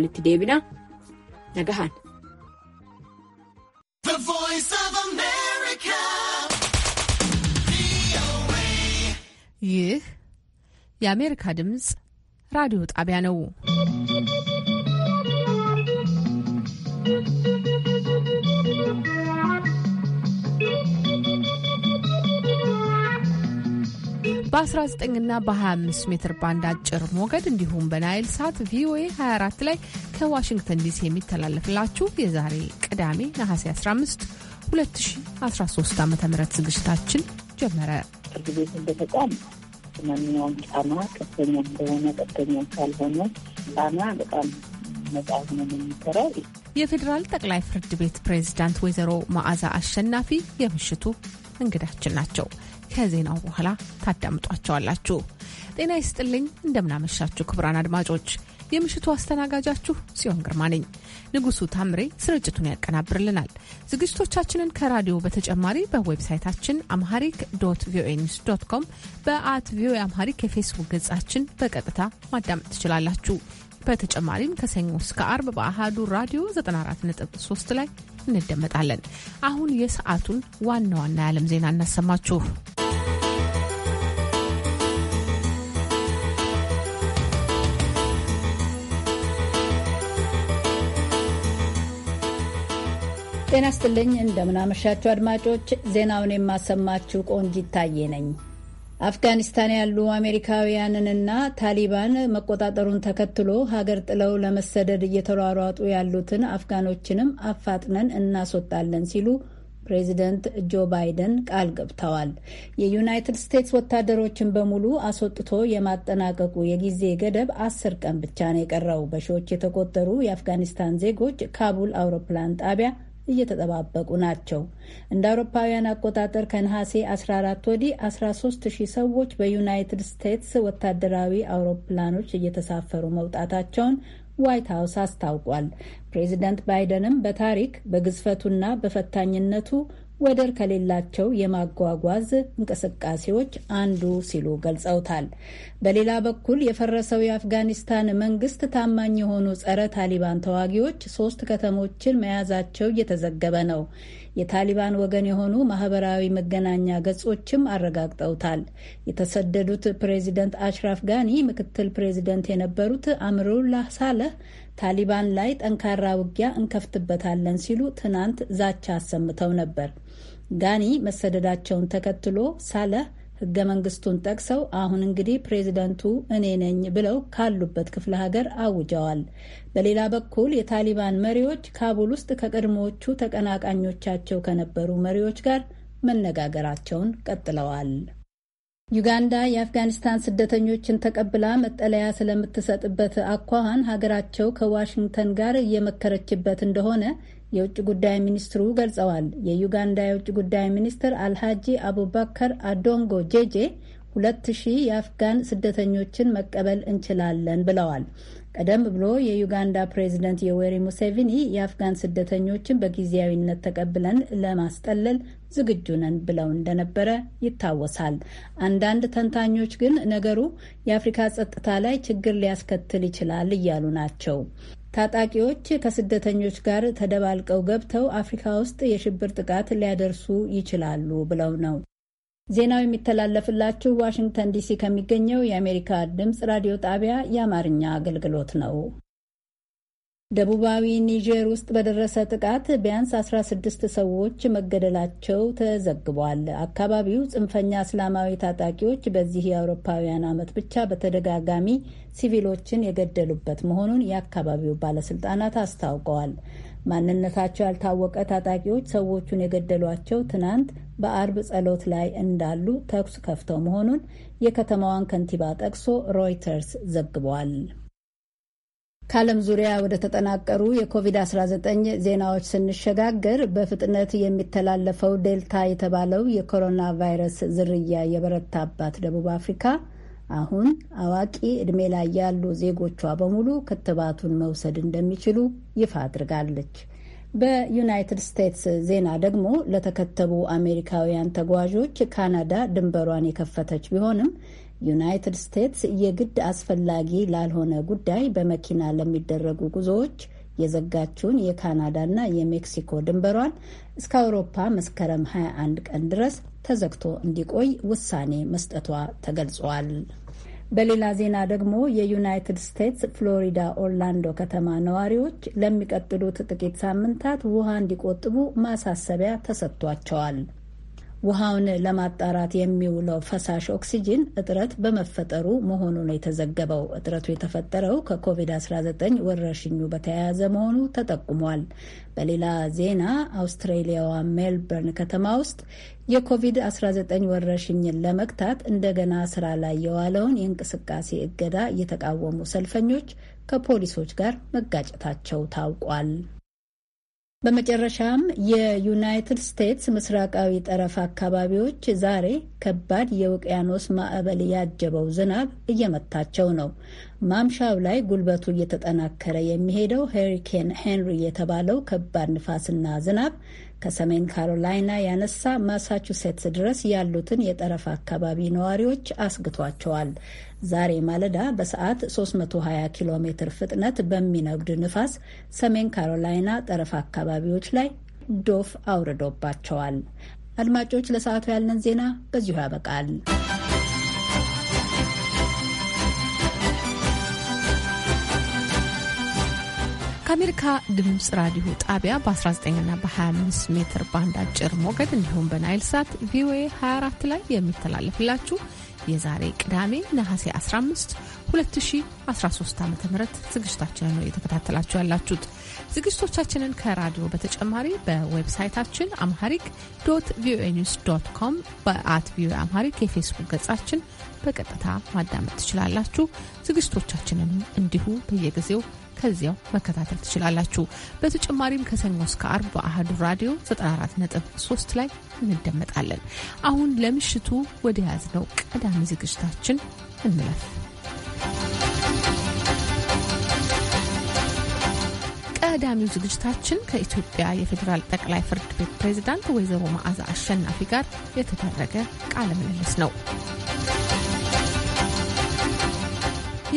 walitti deebina Nagahaan. ይህ የአሜሪካ ድምፅ ራዲዮ ጣቢያ ነው። በ19ና በ25 ሜትር ባንድ አጭር ሞገድ እንዲሁም በናይል ሳት ቪኦኤ 24 ላይ ከዋሽንግተን ዲሲ የሚተላለፍላችሁ የዛሬ ቅዳሜ ነሐሴ 15 2013 ዓ ም ዝግጅታችን ጀመረ። ፍርድ ቤት እንደ ማንኛውም ጫማ ቀጥተኛ ከሆነ ቀጥተኛ ካልሆነ ጫማ በጣም መጽሐፍ ነው የሚሰራው። የፌዴራል ጠቅላይ ፍርድ ቤት ፕሬዝዳንት ወይዘሮ መዓዛ አሸናፊ የምሽቱ እንግዳችን ናቸው። ከዜናው በኋላ ታዳምጧቸዋላችሁ። ጤና ይስጥልኝ፣ እንደምናመሻችሁ ክቡራን አድማጮች። የምሽቱ አስተናጋጃችሁ ሲሆን ግርማ ነኝ። ንጉሱ ታምሬ ስርጭቱን ያቀናብርልናል። ዝግጅቶቻችንን ከራዲዮ በተጨማሪ በዌብሳይታችን አምሃሪክ ዶት ቪኦኤ ኒውስ ዶት ኮም፣ በአት ቪኦኤ አምሃሪክ የፌስቡክ ገጻችን በቀጥታ ማዳመጥ ትችላላችሁ። በተጨማሪም ከሰኞ እስከ አርብ በአህዱ ራዲዮ 94.3 ላይ እንደመጣለን። አሁን የሰዓቱን ዋና ዋና የዓለም ዜና እናሰማችሁ። ጤና ስትልኝ እንደምናመሻችሁ አድማጮች፣ ዜናውን የማሰማችሁ ቆንጂ ይታየ ነኝ። አፍጋኒስታን ያሉ አሜሪካውያንንና ታሊባን መቆጣጠሩን ተከትሎ ሀገር ጥለው ለመሰደድ እየተሯሯጡ ያሉትን አፍጋኖችንም አፋጥነን እናስወጣለን ሲሉ ፕሬዚደንት ጆ ባይደን ቃል ገብተዋል። የዩናይትድ ስቴትስ ወታደሮችን በሙሉ አስወጥቶ የማጠናቀቁ የጊዜ ገደብ አስር ቀን ብቻ ነው የቀረው። በሺዎች የተቆጠሩ የአፍጋኒስታን ዜጎች ካቡል አውሮፕላን ጣቢያ እየተጠባበቁ ናቸው። እንደ አውሮፓውያን አቆጣጠር ከነሐሴ 14 ወዲህ 130 ሰዎች በዩናይትድ ስቴትስ ወታደራዊ አውሮፕላኖች እየተሳፈሩ መውጣታቸውን ዋይት ሀውስ አስታውቋል። ፕሬዚደንት ባይደንም በታሪክ በግዝፈቱና በፈታኝነቱ ወደር ከሌላቸው የማጓጓዝ እንቅስቃሴዎች አንዱ ሲሉ ገልጸውታል። በሌላ በኩል የፈረሰው የአፍጋኒስታን መንግስት ታማኝ የሆኑ ጸረ ታሊባን ተዋጊዎች ሶስት ከተሞችን መያዛቸው እየተዘገበ ነው። የታሊባን ወገን የሆኑ ማህበራዊ መገናኛ ገጾችም አረጋግጠውታል። የተሰደዱት ፕሬዚደንት አሽራፍ ጋኒ ምክትል ፕሬዚደንት የነበሩት አምሩላህ ሳለህ ታሊባን ላይ ጠንካራ ውጊያ እንከፍትበታለን ሲሉ ትናንት ዛቻ አሰምተው ነበር። ጋኒ መሰደዳቸውን ተከትሎ ሳለህ ህገ መንግስቱን ጠቅሰው አሁን እንግዲህ ፕሬዚደንቱ እኔ ነኝ ብለው ካሉበት ክፍለ ሀገር አውጀዋል። በሌላ በኩል የታሊባን መሪዎች ካቡል ውስጥ ከቀድሞዎቹ ተቀናቃኞቻቸው ከነበሩ መሪዎች ጋር መነጋገራቸውን ቀጥለዋል። ዩጋንዳ የአፍጋኒስታን ስደተኞችን ተቀብላ መጠለያ ስለምትሰጥበት አኳኋን ሀገራቸው ከዋሽንግተን ጋር እየመከረችበት እንደሆነ የውጭ ጉዳይ ሚኒስትሩ ገልጸዋል። የዩጋንዳ የውጭ ጉዳይ ሚኒስትር አልሃጂ አቡበከር አዶንጎ ጄጄ ሁለት ሺህ የአፍጋን ስደተኞችን መቀበል እንችላለን ብለዋል። ቀደም ብሎ የዩጋንዳ ፕሬዝደንት ዮዌሪ ሙሴቪኒ የአፍጋን ስደተኞችን በጊዜያዊነት ተቀብለን ለማስጠለል ዝግጁ ነን ብለው እንደነበረ ይታወሳል። አንዳንድ ተንታኞች ግን ነገሩ የአፍሪካ ጸጥታ ላይ ችግር ሊያስከትል ይችላል እያሉ ናቸው። ታጣቂዎች ከስደተኞች ጋር ተደባልቀው ገብተው አፍሪካ ውስጥ የሽብር ጥቃት ሊያደርሱ ይችላሉ ብለው ነው። ዜናው የሚተላለፍላችሁ ዋሽንግተን ዲሲ ከሚገኘው የአሜሪካ ድምፅ ራዲዮ ጣቢያ የአማርኛ አገልግሎት ነው። ደቡባዊ ኒጀር ውስጥ በደረሰ ጥቃት ቢያንስ 16 ሰዎች መገደላቸው ተዘግቧል። አካባቢው ጽንፈኛ እስላማዊ ታጣቂዎች በዚህ የአውሮፓውያን ዓመት ብቻ በተደጋጋሚ ሲቪሎችን የገደሉበት መሆኑን የአካባቢው ባለስልጣናት አስታውቀዋል። ማንነታቸው ያልታወቀ ታጣቂዎች ሰዎቹን የገደሏቸው ትናንት በአርብ ጸሎት ላይ እንዳሉ ተኩስ ከፍተው መሆኑን የከተማዋን ከንቲባ ጠቅሶ ሮይተርስ ዘግቧል። ከዓለም ዙሪያ ወደ ተጠናቀሩ የኮቪድ-19 ዜናዎች ስንሸጋገር በፍጥነት የሚተላለፈው ዴልታ የተባለው የኮሮና ቫይረስ ዝርያ የበረታባት ደቡብ አፍሪካ አሁን አዋቂ ዕድሜ ላይ ያሉ ዜጎቿ በሙሉ ክትባቱን መውሰድ እንደሚችሉ ይፋ አድርጋለች። በዩናይትድ ስቴትስ ዜና ደግሞ ለተከተቡ አሜሪካውያን ተጓዦች ካናዳ ድንበሯን የከፈተች ቢሆንም ዩናይትድ ስቴትስ የግድ አስፈላጊ ላልሆነ ጉዳይ በመኪና ለሚደረጉ ጉዞዎች የዘጋችውን የካናዳና የሜክሲኮ ድንበሯን እስከ አውሮፓ መስከረም 21 ቀን ድረስ ተዘግቶ እንዲቆይ ውሳኔ መስጠቷ ተገልጿል። በሌላ ዜና ደግሞ የዩናይትድ ስቴትስ ፍሎሪዳ ኦርላንዶ ከተማ ነዋሪዎች ለሚቀጥሉት ጥቂት ሳምንታት ውሃ እንዲቆጥቡ ማሳሰቢያ ተሰጥቷቸዋል። ውሃውን ለማጣራት የሚውለው ፈሳሽ ኦክሲጅን እጥረት በመፈጠሩ መሆኑ ነው የተዘገበው። እጥረቱ የተፈጠረው ከኮቪድ-19 ወረርሽኙ በተያያዘ መሆኑ ተጠቁሟል። በሌላ ዜና አውስትሬሊያዋ ሜልበርን ከተማ ውስጥ የኮቪድ-19 ወረርሽኝን ለመግታት እንደገና ስራ ላይ የዋለውን የእንቅስቃሴ እገዳ እየተቃወሙ ሰልፈኞች ከፖሊሶች ጋር መጋጨታቸው ታውቋል። በመጨረሻም የዩናይትድ ስቴትስ ምስራቃዊ ጠረፍ አካባቢዎች ዛሬ ከባድ የውቅያኖስ ማዕበል ያጀበው ዝናብ እየመታቸው ነው። ማምሻው ላይ ጉልበቱ እየተጠናከረ የሚሄደው ሄሪኬን ሄንሪ የተባለው ከባድ ንፋስና ዝናብ ከሰሜን ካሮላይና ያነሳ ማሳቹሴትስ ድረስ ያሉትን የጠረፍ አካባቢ ነዋሪዎች አስግቷቸዋል። ዛሬ ማለዳ በሰዓት 320 ኪሎ ሜትር ፍጥነት በሚነጉድ ንፋስ ሰሜን ካሮላይና ጠረፍ አካባቢዎች ላይ ዶፍ አውርዶባቸዋል። አድማጮች፣ ለሰዓቱ ያለን ዜና በዚሁ ያበቃል። ከአሜሪካ ድምፅ ራዲዮ ጣቢያ በ19ና በ25 ሜትር ባንድ አጭር ሞገድ እንዲሁም በናይል ሳት ቪኦኤ 24 ላይ የሚተላለፍላችሁ የዛሬ ቅዳሜ ነሐሴ 15 2013 ዓ ም ዝግጅታችንን ነው እየተከታተላችሁ ያላችሁት። ዝግጅቶቻችንን ከራዲዮ በተጨማሪ በዌብሳይታችን አምሃሪክ ዶት ቪኦኤ ኒውስ ዶት ኮም፣ በአት ቪኦኤ አምሃሪክ የፌስቡክ ገጻችን በቀጥታ ማዳመጥ ትችላላችሁ። ዝግጅቶቻችንን እንዲሁ በየጊዜው ከዚያው መከታተል ትችላላችሁ። በተጨማሪም ከሰኞ እስከ አርብ በአህዱ ራዲዮ 94.3 ላይ እንደመጣለን። አሁን ለምሽቱ ወደ ያዝነው ቀዳሚ ዝግጅታችን እንለፍ። ቀዳሚው ዝግጅታችን ከኢትዮጵያ የፌዴራል ጠቅላይ ፍርድ ቤት ፕሬዝዳንት ወይዘሮ መዓዛ አሸናፊ ጋር የተደረገ ቃለ ምልልስ ነው።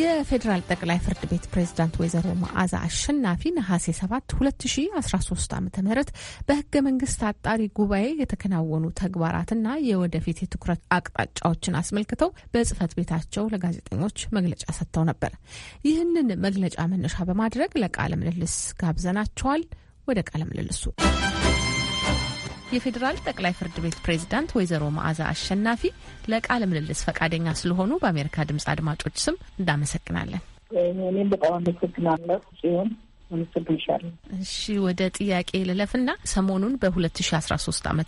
የፌዴራል ጠቅላይ ፍርድ ቤት ፕሬዝዳንት ወይዘሮ መዓዛ አሸናፊ ነሐሴ 7 2013 ዓ ም በህገ መንግስት አጣሪ ጉባኤ የተከናወኑ ተግባራትና የወደፊት የትኩረት አቅጣጫዎችን አስመልክተው በጽህፈት ቤታቸው ለጋዜጠኞች መግለጫ ሰጥተው ነበር። ይህንን መግለጫ መነሻ በማድረግ ለቃለ ምልልስ ጋብዘናቸዋል። ወደ ቃለ ምልልሱ የፌዴራል ጠቅላይ ፍርድ ቤት ፕሬዝዳንት ወይዘሮ መዓዛ አሸናፊ ለቃለ ምልልስ ፈቃደኛ ስለሆኑ በአሜሪካ ድምጽ አድማጮች ስም እናመሰግናለን። እኔም በጣም አመሰግናለሁ ሲሆን እሺ ወደ ጥያቄ ልለፍና ሰሞኑን በ2013 ዓ ም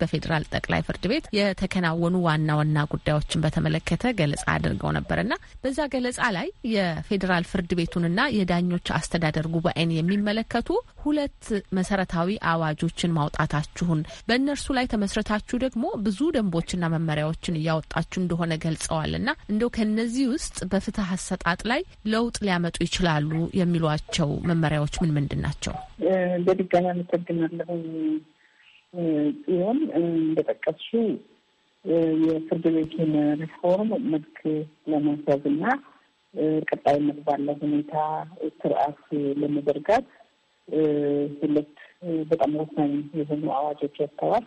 በፌዴራል ጠቅላይ ፍርድ ቤት የተከናወኑ ዋና ዋና ጉዳዮችን በተመለከተ ገለጻ አድርገው ነበርና በዛ ገለጻ ላይ የፌዴራል ፍርድ ቤቱንና የዳኞች አስተዳደር ጉባኤን የሚመለከቱ ሁለት መሰረታዊ አዋጆችን ማውጣታችሁን በእነርሱ ላይ ተመስረታችሁ ደግሞ ብዙ ደንቦችና መመሪያዎችን እያወጣችሁ እንደሆነ ገልጸዋልና እንደው ከነዚህ ውስጥ በፍትህ አሰጣጥ ላይ ለውጥ ሊያመጡ ይችላሉ የሚሏቸው መመሪያዎች ምን ምንድን ናቸው? በድጋሚ አመሰግናለሁ ጽዮን። እንደጠቀስሽው የፍርድ ቤቱን ሪፎርም መልክ ለማስያዝ እና ቀጣይነት ባለው ሁኔታ ስርዓት ለመዘርጋት ሁለት በጣም ወሳኝ የሆኑ አዋጆች ወጥተዋል።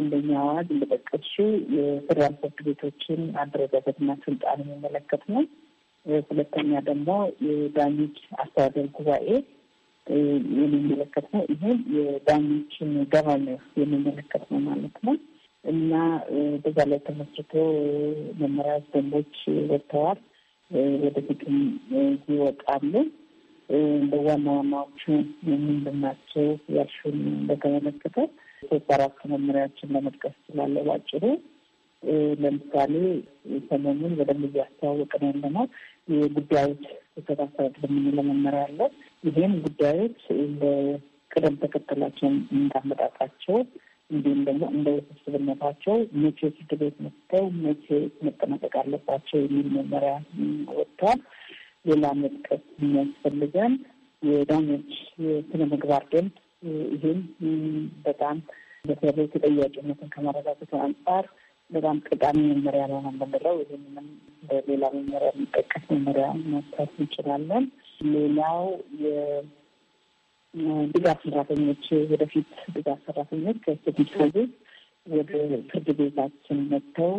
አንደኛ አዋጅ እንደጠቀስሽው የፌደራል ፍርድ ቤቶችን አደረጃጀትና ስልጣን የሚመለከት ነው። ሁለተኛ ደግሞ የዳኞች አስተዳደር ጉባኤ የሚመለከት ነው። ይህም የዳኞችን ገቨርነንስ የሚመለከት ነው ማለት ነው እና በዛ ላይ ተመስርቶ መመሪያ ደንቦች ወጥተዋል። ወደፊትም ይወጣሉ። እንደ ዋና ዋናዎቹ ምንድን ናቸው ያልሽውን በተመለከተ ሶስት አራት መመሪያዎችን ለመጥቀስ ይችላለ ባጭሩ። ለምሳሌ ሰሞኑን በደንብ እያስተዋወቅ ነው ያለነው የጉዳዮች የተሳሰረት በምንለው መመሪያ አለ። ይህም ጉዳዮች ቅደም ተከተላቸውን እንዳመጣጣቸው እንዲሁም ደግሞ እንደ ውስብስብነታቸው መቼ ፍርድ ቤት መስተው መቼ መጠናቀቅ አለባቸው የሚል መመሪያ ወጥቷል። ሌላ መጥቀስ የሚያስፈልገን የዳኞች የስነ ምግባር ደንብ፣ ይህም በጣም በተለይ ተጠያቂነትን ከማረጋገጥ አንጻር በጣም ጠቃሚ መመሪያ ነው የምንለው። ይህንንም በሌላ መመሪያ የሚጠቀስ መመሪያ መታት እንችላለን። ሌላው የድጋፍ ሰራተኞች ወደፊት ድጋፍ ሰራተኞች ከስድስት ወደ ፍርድ ቤታችን መጥተው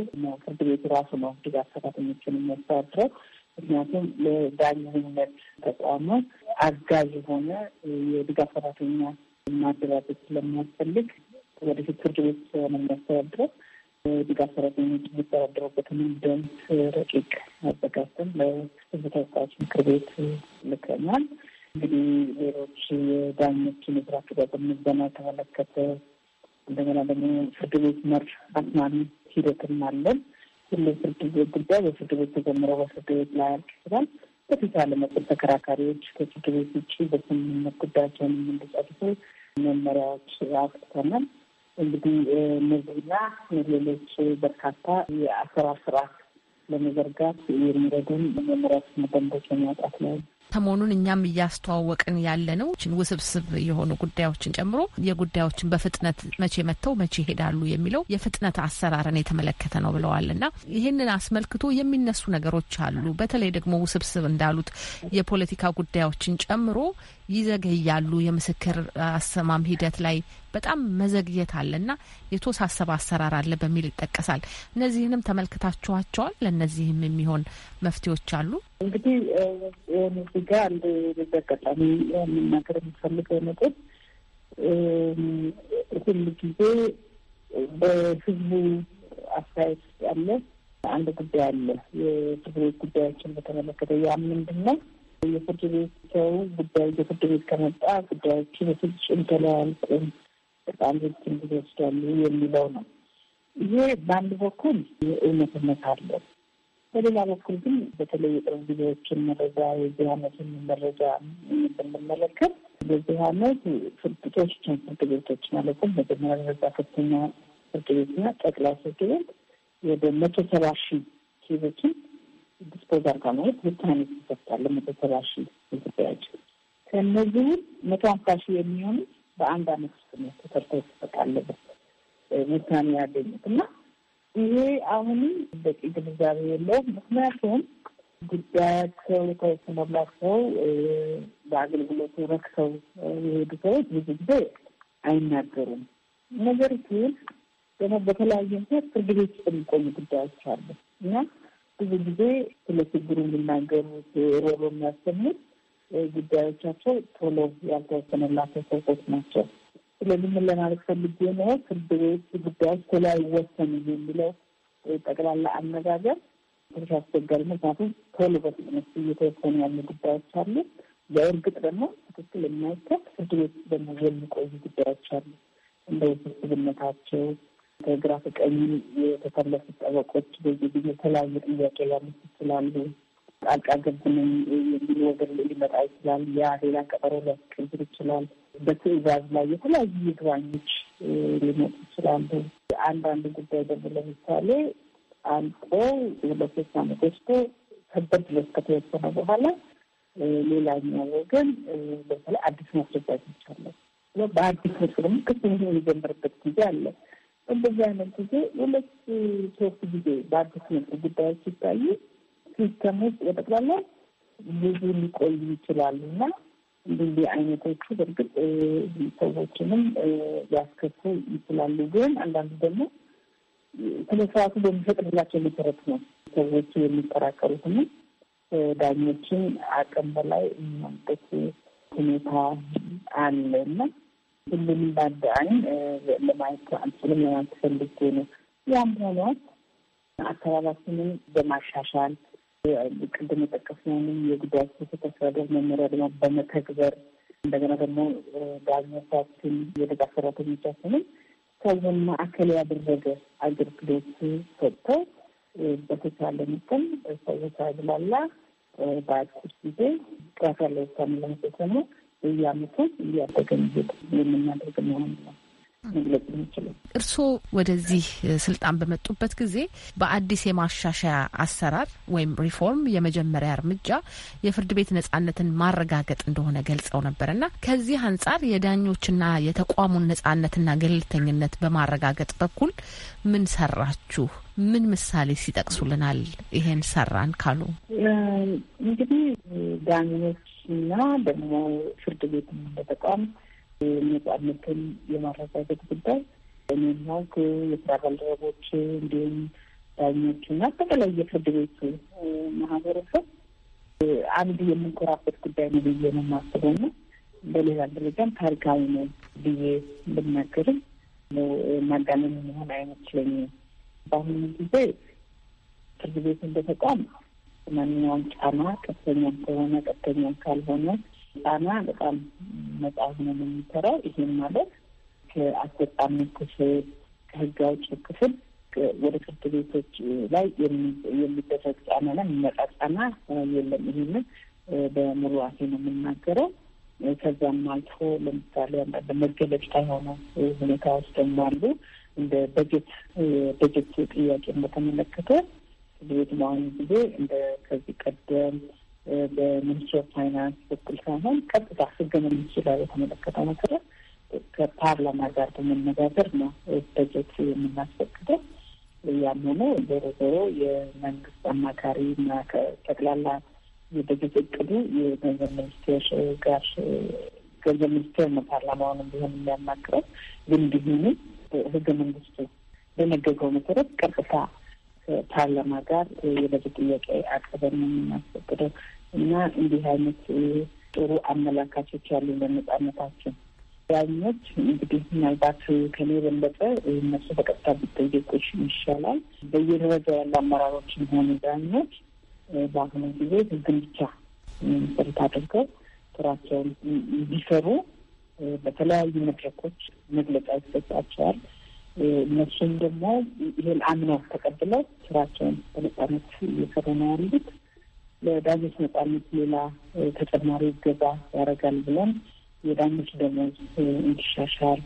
ፍርድ ቤቱ ራሱ ነው ድጋፍ ሰራተኞችን የሚያስተዳድረው። ምክንያቱም ለዳኝነት ተቋሙ አጋዥ የሆነ የድጋፍ ሰራተኛ ማደራጀት ስለሚያስፈልግ ወደፊት ፍርድ ቤት ስለሆነ የሚያስተዳድረው ድጋፍ ሰራተኞች የሚተዳደሩበትን ደንብ ረቂቅ አዘጋጅተን ለሕዝብ ተወካዮች ምክር ቤት ልከናል። እንግዲህ ሌሎች የዳኞችን የስራ አፈጻጸም ምዘና የተመለከተ እንደገና ደግሞ ፍርድ ቤት መር አስማሚ ሂደትም አለን። ሁሉም ፍርድ ቤት ጉዳይ በፍርድ ቤት ተጀምረው በፍርድ ቤት ላይ ያልቅ ይችላል። በተቻለ መጠን ተከራካሪዎች ከፍርድ ቤት ውጭ በስምምነት ጉዳያቸውን የምንድጨርሱ መመሪያዎች አውጥተናል። እንግዲህ እነዚህና ሌሎች በርካታ የአሰራር ስርዓት ለመዘርጋት የሚረዱን መመሪያ ደንቦች በማውጣት ላይ ሰሞኑን እኛም እያስተዋወቅን ያለ ያለነው ውስብስብ የሆኑ ጉዳዮችን ጨምሮ የጉዳዮችን በፍጥነት መቼ መጥተው መቼ ይሄዳሉ የሚለው የፍጥነት አሰራርን የተመለከተ ነው ብለዋል እና ይህንን አስመልክቶ የሚነሱ ነገሮች አሉ። በተለይ ደግሞ ውስብስብ እንዳሉት የፖለቲካ ጉዳዮችን ጨምሮ ይዘገያሉ። የምስክር አሰማም ሂደት ላይ በጣም መዘግየት አለና የተወሳሰበ አሰራር አለ በሚል ይጠቀሳል። እነዚህንም ተመልክታችኋቸዋል። ለእነዚህም የሚሆን መፍትሄዎች አሉ። እንግዲህ ዚጋ አንድ አጋጣሚ የምናገር የምፈልገው ነጥብ ሁሉ ጊዜ በህዝቡ አስተያየት ያለ አንድ ጉዳይ አለ። የትግሬ ጉዳያችን በተመለከተ ያ ምንድን ነው የፍርድ ቤት ሰው ጉዳይ በፍርድ ቤት ከመጣ ጉዳዮቹ በፍጹም ተለያልቁም በጣም ረጅም ጊዜ ይወስዳሉ የሚለው ነው። ይሄ በአንድ በኩል የእውነትነት አለው። በሌላ በኩል ግን በተለይ የቅርብ ጊዜዎችን መረጃ የዚህ ዓመትን መረጃ ብንመለከት በዚህ ዓመት ፍርድቶችን ፍርድ ቤቶች ማለትም መጀመሪያ ደረጃ ከፍተኛ ፍርድ ቤትና ጠቅላይ ፍርድ ቤት ወደ መቶ ሰባ ሺህ ኬዞችን ዲስፖዝ አርጋ ማለት ብታን ይሰጣል። መቶ ሰባ ሺ ኢትዮጵያዎች ከእነዚህ መቶ ሀምሳ ሺ የሚሆኑት በአንድ አመት ውስጥ ነው ተሰርቶ ተጠቃ ውሳኔ ያገኙት እና ይሄ አሁንም በቂ ግንዛቤ የለውም። ምክንያቱም ጉዳያቸው የተወሰነላቸው በአገልግሎቱ ረክሰው የሄዱ ሰዎች ብዙ ጊዜ አይናገሩም። ነገር ግን ደግሞ በተለያየ ምክንያት ፍርድ ቤት ውስጥ የሚቆዩ ጉዳዮች አሉ እና ብዙ ጊዜ ስለ ችግሩ የሚናገሩት ሮሮ የሚያሰሙት ጉዳዮቻቸው ቶሎ ያልተወሰነላቸው ሰዎች ናቸው። ስለዚህ ምን ለማለት ፈልጌ ነው? ፍርድ ቤት ጉዳዮች ቶሎ አይወሰንም የሚለው ጠቅላላ አነጋገር ትንሽ አስቸጋሪ ነው። ምክንያቱም ቶሎ በፍጥነት እየተወሰኑ ያሉ ጉዳዮች አሉ። በእርግጥ ደግሞ ትክክል የማይከት ፍርድ ቤት ደግሞ የሚቆዩ ጉዳዮች አሉ። እንደ ውስብስብነታቸው ከግራ ከቀኝ የተሰለፉት ጠበቆች በዚህ የተለያዩ ጥያቄ ሊያነሱ ይችላሉ። ጣልቃ ገብንም የሚል ወገን ሊመጣ ይችላል። ያ ሌላ ቀጠሮ ሊያስቀብር ይችላል። በትዕዛዝ ላይ የተለያዩ ይግባኞች ሊመጡ ይችላሉ። አንዳንድ ጉዳይ ደግሞ ለምሳሌ አልቆ ለሶስት ሶስት ዓመት ወስዶ ከበድ ድረስ ከተወሰነ በኋላ ሌላኛው ወገን በተለይ አዲስ ማስረጃ ይቻላል በአዲስ ምስሉ ክስ የሚጀምርበት ጊዜ አለ። እንደዚህ አይነት ጊዜ ሁለት ሶስት ጊዜ በአዲስ መልክ ጉዳዮች ሲታዩ ሲስተም ውስጥ በጠቅላላ ብዙ ሊቆዩ ይችላሉ እና እንዲህ አይነቶቹ በእርግጥ ሰዎችንም ሊያስከፉ ይችላሉ። ግን አንዳንዱ ደግሞ ስለ ስርዓቱ በሚፈቅድላቸው መሰረት ነው ሰዎቹ የሚከራከሩትና ዳኞችን አቅም በላይ የሚሆንበት ሁኔታ አለ እና ሁሉም እንዳንድ አይን ለማየት አንችልም ለማለት ፈልጌ ነው። ያም ሆኖ አካባቢያችንን በማሻሻል ቅድም የጠቀስነውን የጉዳይ ስህተት አስተዳደር መመሪያ ደግሞ በመተግበር እንደገና ደግሞ ዳኞቻችን፣ የድጋፍ ሰራተኞቻችንም ሰውን ማዕከል ያደረገ አገልግሎት ሰጥተው በተቻለ መጠን ሰዎች አዝላላ በአጭር ጊዜ ጥራት ያለው ውሳኔ ለመስጠት ደግሞ በየአመቱ እያደገን የምናደርግ መሆን ነው እርስዎ ወደዚህ ስልጣን በመጡበት ጊዜ በአዲስ የማሻሻያ አሰራር ወይም ሪፎርም የመጀመሪያ እርምጃ የፍርድ ቤት ነጻነትን ማረጋገጥ እንደሆነ ገልጸው ነበርና ከዚህ አንጻር የዳኞችና የተቋሙን ነጻነትና ገለልተኝነት በማረጋገጥ በኩል ምን ሰራችሁ? ምን ምሳሌ ሲጠቅሱልናል? ይሄን ሰራን ካሉ እንግዲህ ዳኞች እና ደግሞ ፍርድ ቤት እንደተቋም ነጻነትን የማረጋገጥ ጉዳይ እኔና ህግ የስራ ባልደረቦች እንዲሁም ዳኞቹ እና አጠቃላይ የፍርድ ቤቱ ማህበረሰብ አንድ የምንኮራበት ጉዳይ ነው ብዬ ነው የማስበው ነው። በሌላ ደረጃም ታሪካዊ ነው ብዬ ብናገርም ማጋነን መሆን አይመስለኝም። በአሁኑ ጊዜ ፍርድ ቤት እንደተቋም ማንኛውም ጫና ከፍተኛም ከሆነ ቀጥተኛም ካልሆነ ጫና በጣም ነጻ ነው የሚሰራው። ይህም ማለት ከአስፈጻሚ ክፍል ከህግ አውጭ ክፍል ወደ ፍርድ ቤቶች ላይ የሚደረግ ጫና ላይ የሚመጣ ጫና የለም። ይህንን በሙሉ አፌ ነው የምናገረው። ከዛም አልፎ ለምሳሌ አንዳንድ መገለጫ የሆኑ ሁኔታዎች ደግሞ አሉ። እንደ በጀት በጀት ጥያቄ በተመለከተ ፍርድ ቤት በአሁኑ ጊዜ እንደ ከዚህ ቀደም በሚኒስትር ኦፍ ፋይናንስ በኩል ሳይሆን ቀጥታ ህገ መንግስቱ ላይ የተመለከተው መሰረት ከፓርላማ ጋር በመነጋገር ነው በጀት የምናስፈቅደው። ያም ሆኖ ዞሮ ዞሮ የመንግስት አማካሪ እና ከጠቅላላ የበጀት እቅዱ የገንዘብ ሚኒስቴር ጋር ገንዘብ ሚኒስቴር ነው ፓርላማውንም ቢሆን የሚያማክረው። ግን ቢሆንም ህገ መንግስቱ በነገገው መሰረት ቀጥታ ከፓርላማ ጋር የበጀት ጥያቄ አቅርበን ነው የምናስፈቅደው እና እንዲህ አይነት ጥሩ አመላካቾች ያሉ ለነጻነታችን ዳኞች እንግዲህ ምናልባት ከኔ የበለጠ እነሱ በቀጥታ ቢጠየቁሽ ይሻላል። በየደረጃ ያሉ አመራሮች የሆኑ ዳኞች በአሁኑ ጊዜ ህግን ብቻ መሰረት አድርገው ስራቸውን እንዲሰሩ በተለያዩ መድረኮች መግለጫ ይሰጣቸዋል። እነሱም ደግሞ ይሄን አምነው ተቀብለው ስራቸውን በነጻነት እየሰሩ ነው ያሉት። ለዳኞች ነጻነት ሌላ ተጨማሪ እገዛ ያደርጋል ብለን የዳኞች ደሞዝ እንዲሻሻል፣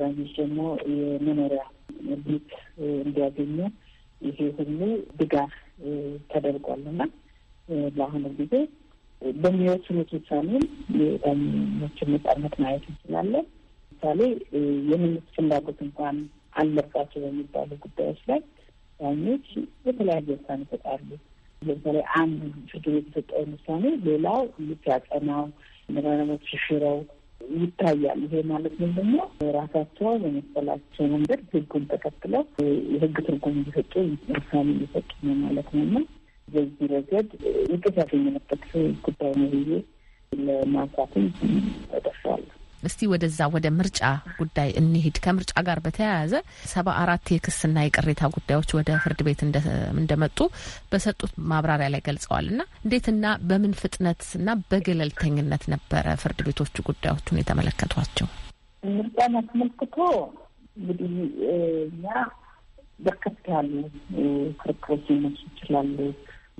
ዳኞች ደግሞ የመኖሪያ ቤት እንዲያገኙ ይሄ ሁሉ ድጋፍ ተደርጓል እና ለአሁኑ ጊዜ በሚወስኑት ውሳኔም የዳኞችን ነጻነት ማየት እንችላለን። ለምሳሌ የመንግስት ፍላጎት እንኳን አለባቸው በሚባሉ ጉዳዮች ላይ ዳኞች የተለያየ ውሳኔ ይሰጣሉ። ለምሳሌ አንድ ፍርድ ቤት የሰጠውን ውሳኔ ሌላው ሲያጸናው፣ እንደገና ሽሽረው ይታያል። ይሄ ማለት ምንድን ነው? ራሳቸው በመሰላቸው መንገድ ህጉን ተከትለው የህግ ትርጉም እየሰጡ ውሳኔ እየሰጡ ነው ማለት ነው እና በዚህ ረገድ ውጤት ያገኘንበት ጉዳይ ነው ብዬ ለማንሳትም እጠቅሳለሁ። እስቲ ወደዛ ወደ ምርጫ ጉዳይ እንሄድ። ከምርጫ ጋር በተያያዘ ሰባ አራት የክስና የቅሬታ ጉዳዮች ወደ ፍርድ ቤት እንደመጡ በሰጡት ማብራሪያ ላይ ገልጸዋል። እና እንዴትና በምን ፍጥነት ፍጥነትና በገለልተኝነት ነበረ ፍርድ ቤቶቹ ጉዳዮቹን የተመለከቷቸው? ምርጫን አስመልክቶ እንግዲህ እኛ በርከት ያሉ ክርክሮች ሊነሱ ይችላሉ።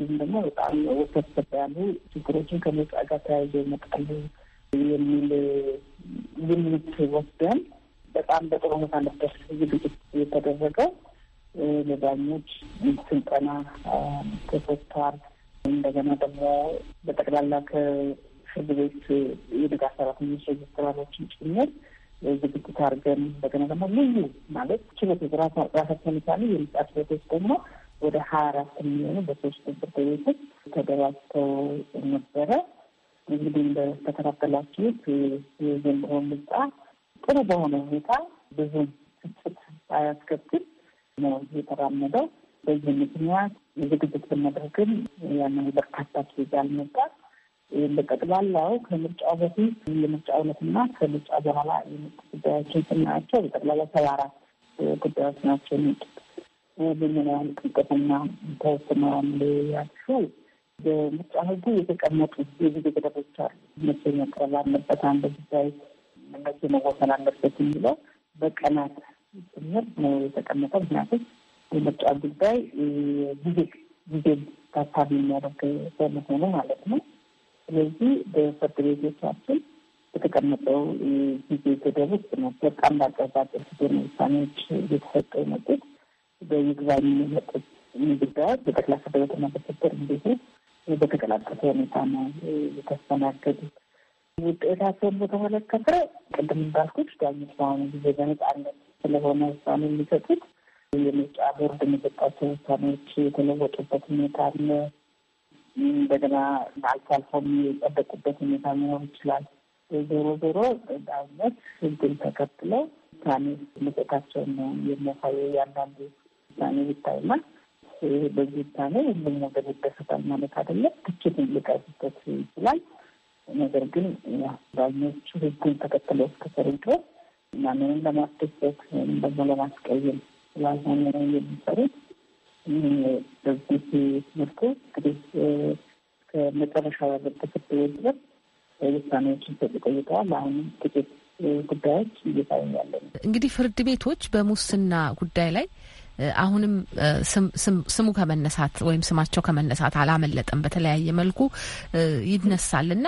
ይህም ደግሞ በጣም ወሰብሰብ ያሉ ችግሮችን ከምርጫ ጋር ተያይዘው ይመጣሉ የሚል ግምት ወስደን በጣም በጥሩ ሁኔታ ነበር ዝግጅት የተደረገ። ለዳኞች ስልጠና ተሰጥቷል። እንደገና ደግሞ በጠቅላላ ከፍርድ ቤት የንጋት ሰራተኞች ሬጅስትራሮችን ጭምር ዝግጅት አድርገን እንደገና ደግሞ ልዩ ማለት ችሎት ራሳቸውን የቻሉ የምጣት ችሎቶች ደግሞ ወደ ሀያ አራት የሚሆኑ በሶስት ፍርድ ቤቶች ተደራጅተው ነበረ። እንግዲህ እንደተከታተላችሁት የዘንድሮ ምርጫ ጥሩ በሆነ ሁኔታ ብዙም ፍጭት አያስከትል ነው የተራመደው። በዚህ ምክንያት የዝግጅት ብናደርግም ያንን በርካታ ኬዝ አልመጣ። በጠቅላላው ከምርጫው በፊት የምርጫ እውነትና ከምርጫ በኋላ የመጡ ጉዳዮችን ስናያቸው በጠቅላላ ሰባ አራት ጉዳዮች ናቸው የሚጡት በምን ያህል ጥልቀትና ተወስነዋል ያልሽው በምርጫ ህጉ የተቀመጡ የጊዜ ገደቦች አሉ። መቼ መቅረብ አለበት አንድ ጉዳይ መቼ መወሰን አለበት የሚለው በቀናት ጭምር ነው የተቀመጠ። ምክንያቱም የምርጫ ጉዳይ ጊዜ ጊዜ ታሳቢ የሚያደርግ በመሆኑ ማለት ነው። ስለዚህ በፍርድ ቤቶቻችን የተቀመጠው ጊዜ ገደብ ውስጥ ነው በጣም ባጫባጭር ጊዜ ነው ውሳኔዎች እየተሰጡ የመጡት በይግባኝ የመጡት ጉዳዮች በጠቅላይ ፍርድ ቤትና በፍትር እንዲሁ በተቀላጠፈ ሁኔታ ነው የተስተናገዱት። ውጤታቸውን በተመለከተ ቅድም እንዳልኩት ዳኞች በአሁኑ ጊዜ በነጻነት ስለሆነ ውሳኔ የሚሰጡት የምርጫ ቦርድ የሚሰጣቸው ውሳኔዎች የተለወጡበት ሁኔታ አለ። እንደገና አልፎ አልፎም የጸደቁበት ሁኔታ ሊኖር ይችላል። ዞሮ ዞሮ ዳኞች ሕግን ተከትለው ውሳኔ መሰጣቸውን ነው የሚያሳየው። ያንዳንዱ ውሳኔ ይታይማል። በዚህ ይታለ ሁሉም ነገር ይደሰታል ማለት አይደለም። ትችትን ሊቀርብበት ይችላል። ነገር ግን ዳኞቹ ህጉን ተከትለው እስከሰሩ ድረስ ማንንም ለማስደሰት ወይም ደግሞ ለማስቀየም ስላልሆነ ነው የሚሰሩት በዚህ መልኩ እንግዲህ ከመጨረሻ በፍርድ ቤት ድረስ ውሳኔዎች ሲሰጡ ቆይተዋል። አሁንም ጥቂት ጉዳዮች እየታዩ ያለ እንግዲህ ፍርድ ቤቶች በሙስና ጉዳይ ላይ አሁንም ስሙ ከመነሳት ወይም ስማቸው ከመነሳት አላመለጠም። በተለያየ መልኩ ይነሳል እና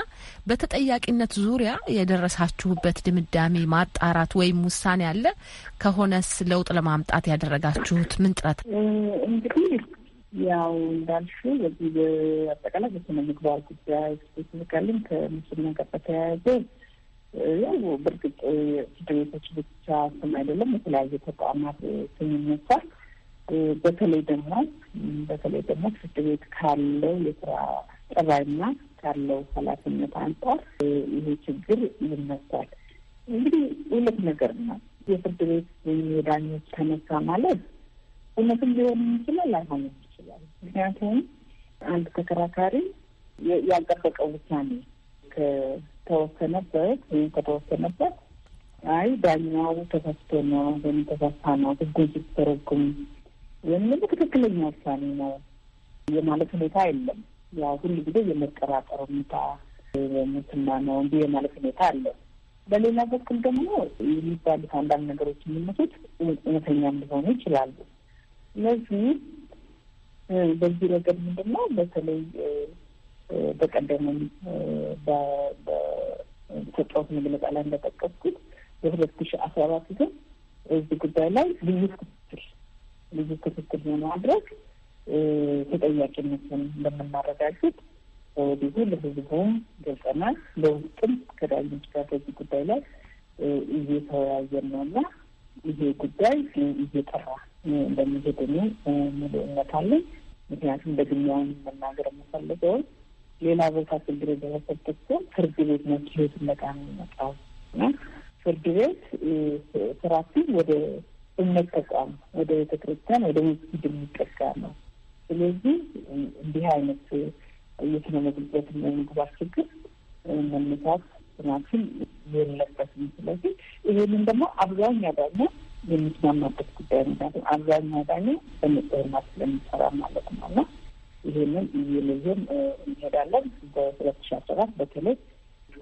በተጠያቂነት ዙሪያ የደረሳችሁበት ድምዳሜ ማጣራት ወይም ውሳኔ አለ ከሆነስ ለውጥ ለማምጣት ያደረጋችሁት ምን ጥረት? ያው እንዳልሹ በዚህ በአጠቃላይ በስነ ምግባር ጉዳይ ስፔሲፊካልም ከሙስና ጋር በተያያዘ ያው በእርግጥ ፍርድ ቤቶች ብቻ ስም አይደለም የተለያየ ተቋማት ስም ይነሳል። በተለይ ደግሞ በተለይ ደግሞ ፍርድ ቤት ካለው የስራ ጠባይና ካለው ኃላፊነት አንጻር ይሄ ችግር ይነሳል። እንግዲህ ሁለት ነገር ነው የፍርድ ቤት ወይም የዳኞች ተነሳ ማለት እውነትም ሊሆን ይችላል፣ አይሆንም ይችላል። ምክንያቱም አንድ ተከራካሪ ያልጠበቀው ውሳኔ ከተወሰነበት ወይም ከተወሰነበት አይ ዳኛው ተሳስቶ ነው ወይም ተሳሳ ነው ህጉን ሲተረጉም ወይም ትክክለኛ ውሳኔ ነው የማለት ሁኔታ የለም። ያው ሁሉ ጊዜ የመጠራጠር ሁኔታ ሙስና ነው እንዲ የማለት ሁኔታ አለ። በሌላ በኩል ደግሞ የሚባሉት አንዳንድ ነገሮች የሚመቱት እውነተኛም ሊሆኑ ይችላሉ። ስለዚህ በዚህ ረገድ ምንድን ነው በተለይ በቀደምም በሰጠሁት መግለጫ ላይ እንደጠቀስኩት የሁለት ሺ አስራ አራት ግን እዚህ ጉዳይ ላይ ልዩ ልዩ ክትትል በማድረግ ተጠያቂነትን እንደምናረጋግጥ ወዲሁ ለህዝቡም ገልጸናል። በውስጥም ከዳኞች ጋር በዚህ ጉዳይ ላይ እየተወያየን ነው እና ይሄ ጉዳይ እየጠራ እንደሚሄድ እኔ ሙሉ እምነት አለኝ። ምክንያቱም በግኛውን መናገር የምፈልገውን ሌላ ቦታ ችግር የደረሰበት ሰው ፍርድ ቤት ነው ችሎት ለቃ ነው የሚመጣው ፍርድ ቤት ስራችን ወደ እምነት ተቋም ወደ ቤተ ክርስቲያን ወደ መስጊድ የሚጠጋ ነው። ስለዚህ እንዲህ አይነት የስነ መግለት እና የምግባት ችግር መነሳት ጥናትን የለበትም። ስለዚህ ይህንን ደግሞ አብዛኛው ደግሞ የሚስማማበት ጉዳይ ምክንያቱም አብዛኛው ዳኛ በንጽህና ስለሚሰራ ማለት ነው እና ይህንን እየለየን እንሄዳለን። በሁለት ሺ አስራ አራት በተለይ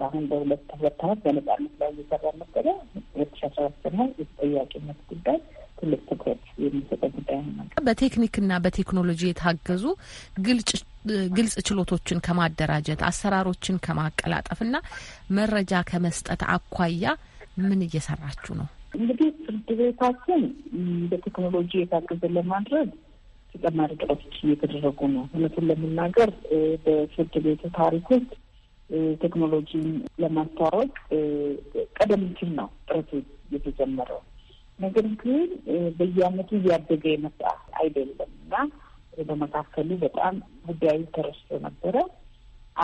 አሁን በሁለት ሁለት አመት በነጻነት ላይ እየሰራ መገደ ሁለት ሺ አስራ አስር ላይ የተጠያቂነት ጉዳይ ትልቅ ትኩረት የሚሰጠ ጉዳይ ነው። በቴክኒክና በቴክኖሎጂ የታገዙ ግልጭ ግልጽ ችሎቶችን ከማደራጀት አሰራሮችን ከማቀላጠፍና መረጃ ከመስጠት አኳያ ምን እየሰራችሁ ነው? እንግዲህ ፍርድ ቤታችን በቴክኖሎጂ የታገዘ ለማድረግ ተጨማሪ ጥረቶች እየተደረጉ ነው። እውነቱን ለመናገር በፍርድ ቤቱ ታሪክ ውስጥ ቴክኖሎጂን ለማስተዋወቅ ቀደም ሲል ነው ጥረቱ የተጀመረው። ነገር ግን በየአመቱ እያደገ የመጣ አይደለም እና በመካከሉ በጣም ጉዳዩ ተረስቶ ነበረ።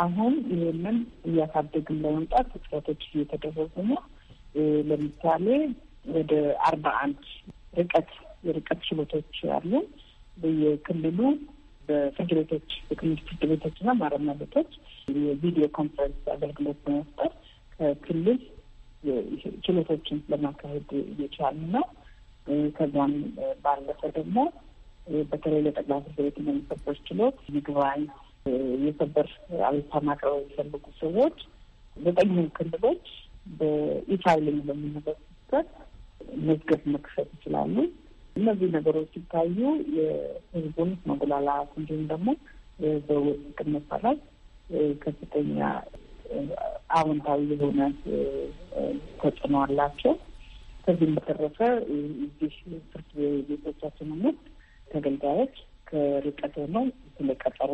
አሁን ይህንን እያሳደግን ለመምጣት ትኩረቶች እየተደረጉ ነው። ለምሳሌ ወደ አርባ አንድ ርቀት የርቀት ችሎቶች አሉ በየክልሉ በፍርድ ቤቶች የክልል ፍርድ ቤቶች ቤቶችና ማረሚያ ቤቶች የቪዲዮ ኮንፈረንስ አገልግሎት በመፍጠር ከክልል ችሎቶችን ለማካሄድ እየቻሉ ነው። ከዛም ባለፈ ደግሞ በተለይ ለጠቅላይ ፍርድ ቤት የሚሰበር ችሎት ይግባኝ የሰበር አቤቱታ ማቅረብ የሚፈልጉ ሰዎች ዘጠኙ ክልሎች በኢፋይልን በሚነበስበት መዝገብ መክፈት ይችላሉ። እነዚህ ነገሮች ሲታዩ የህዝቡን መጉላላት እንዲሁም ደግሞ በውጥቅ መባላት ከፍተኛ አዎንታዊ የሆነ ተጽዕኖ አላቸው። ከዚህም በተረፈ እዚህ ፍርድ ቤቶቻችን ውስጥ ተገልጋዮች ከርቀት ሆነው ስለቀጠሩ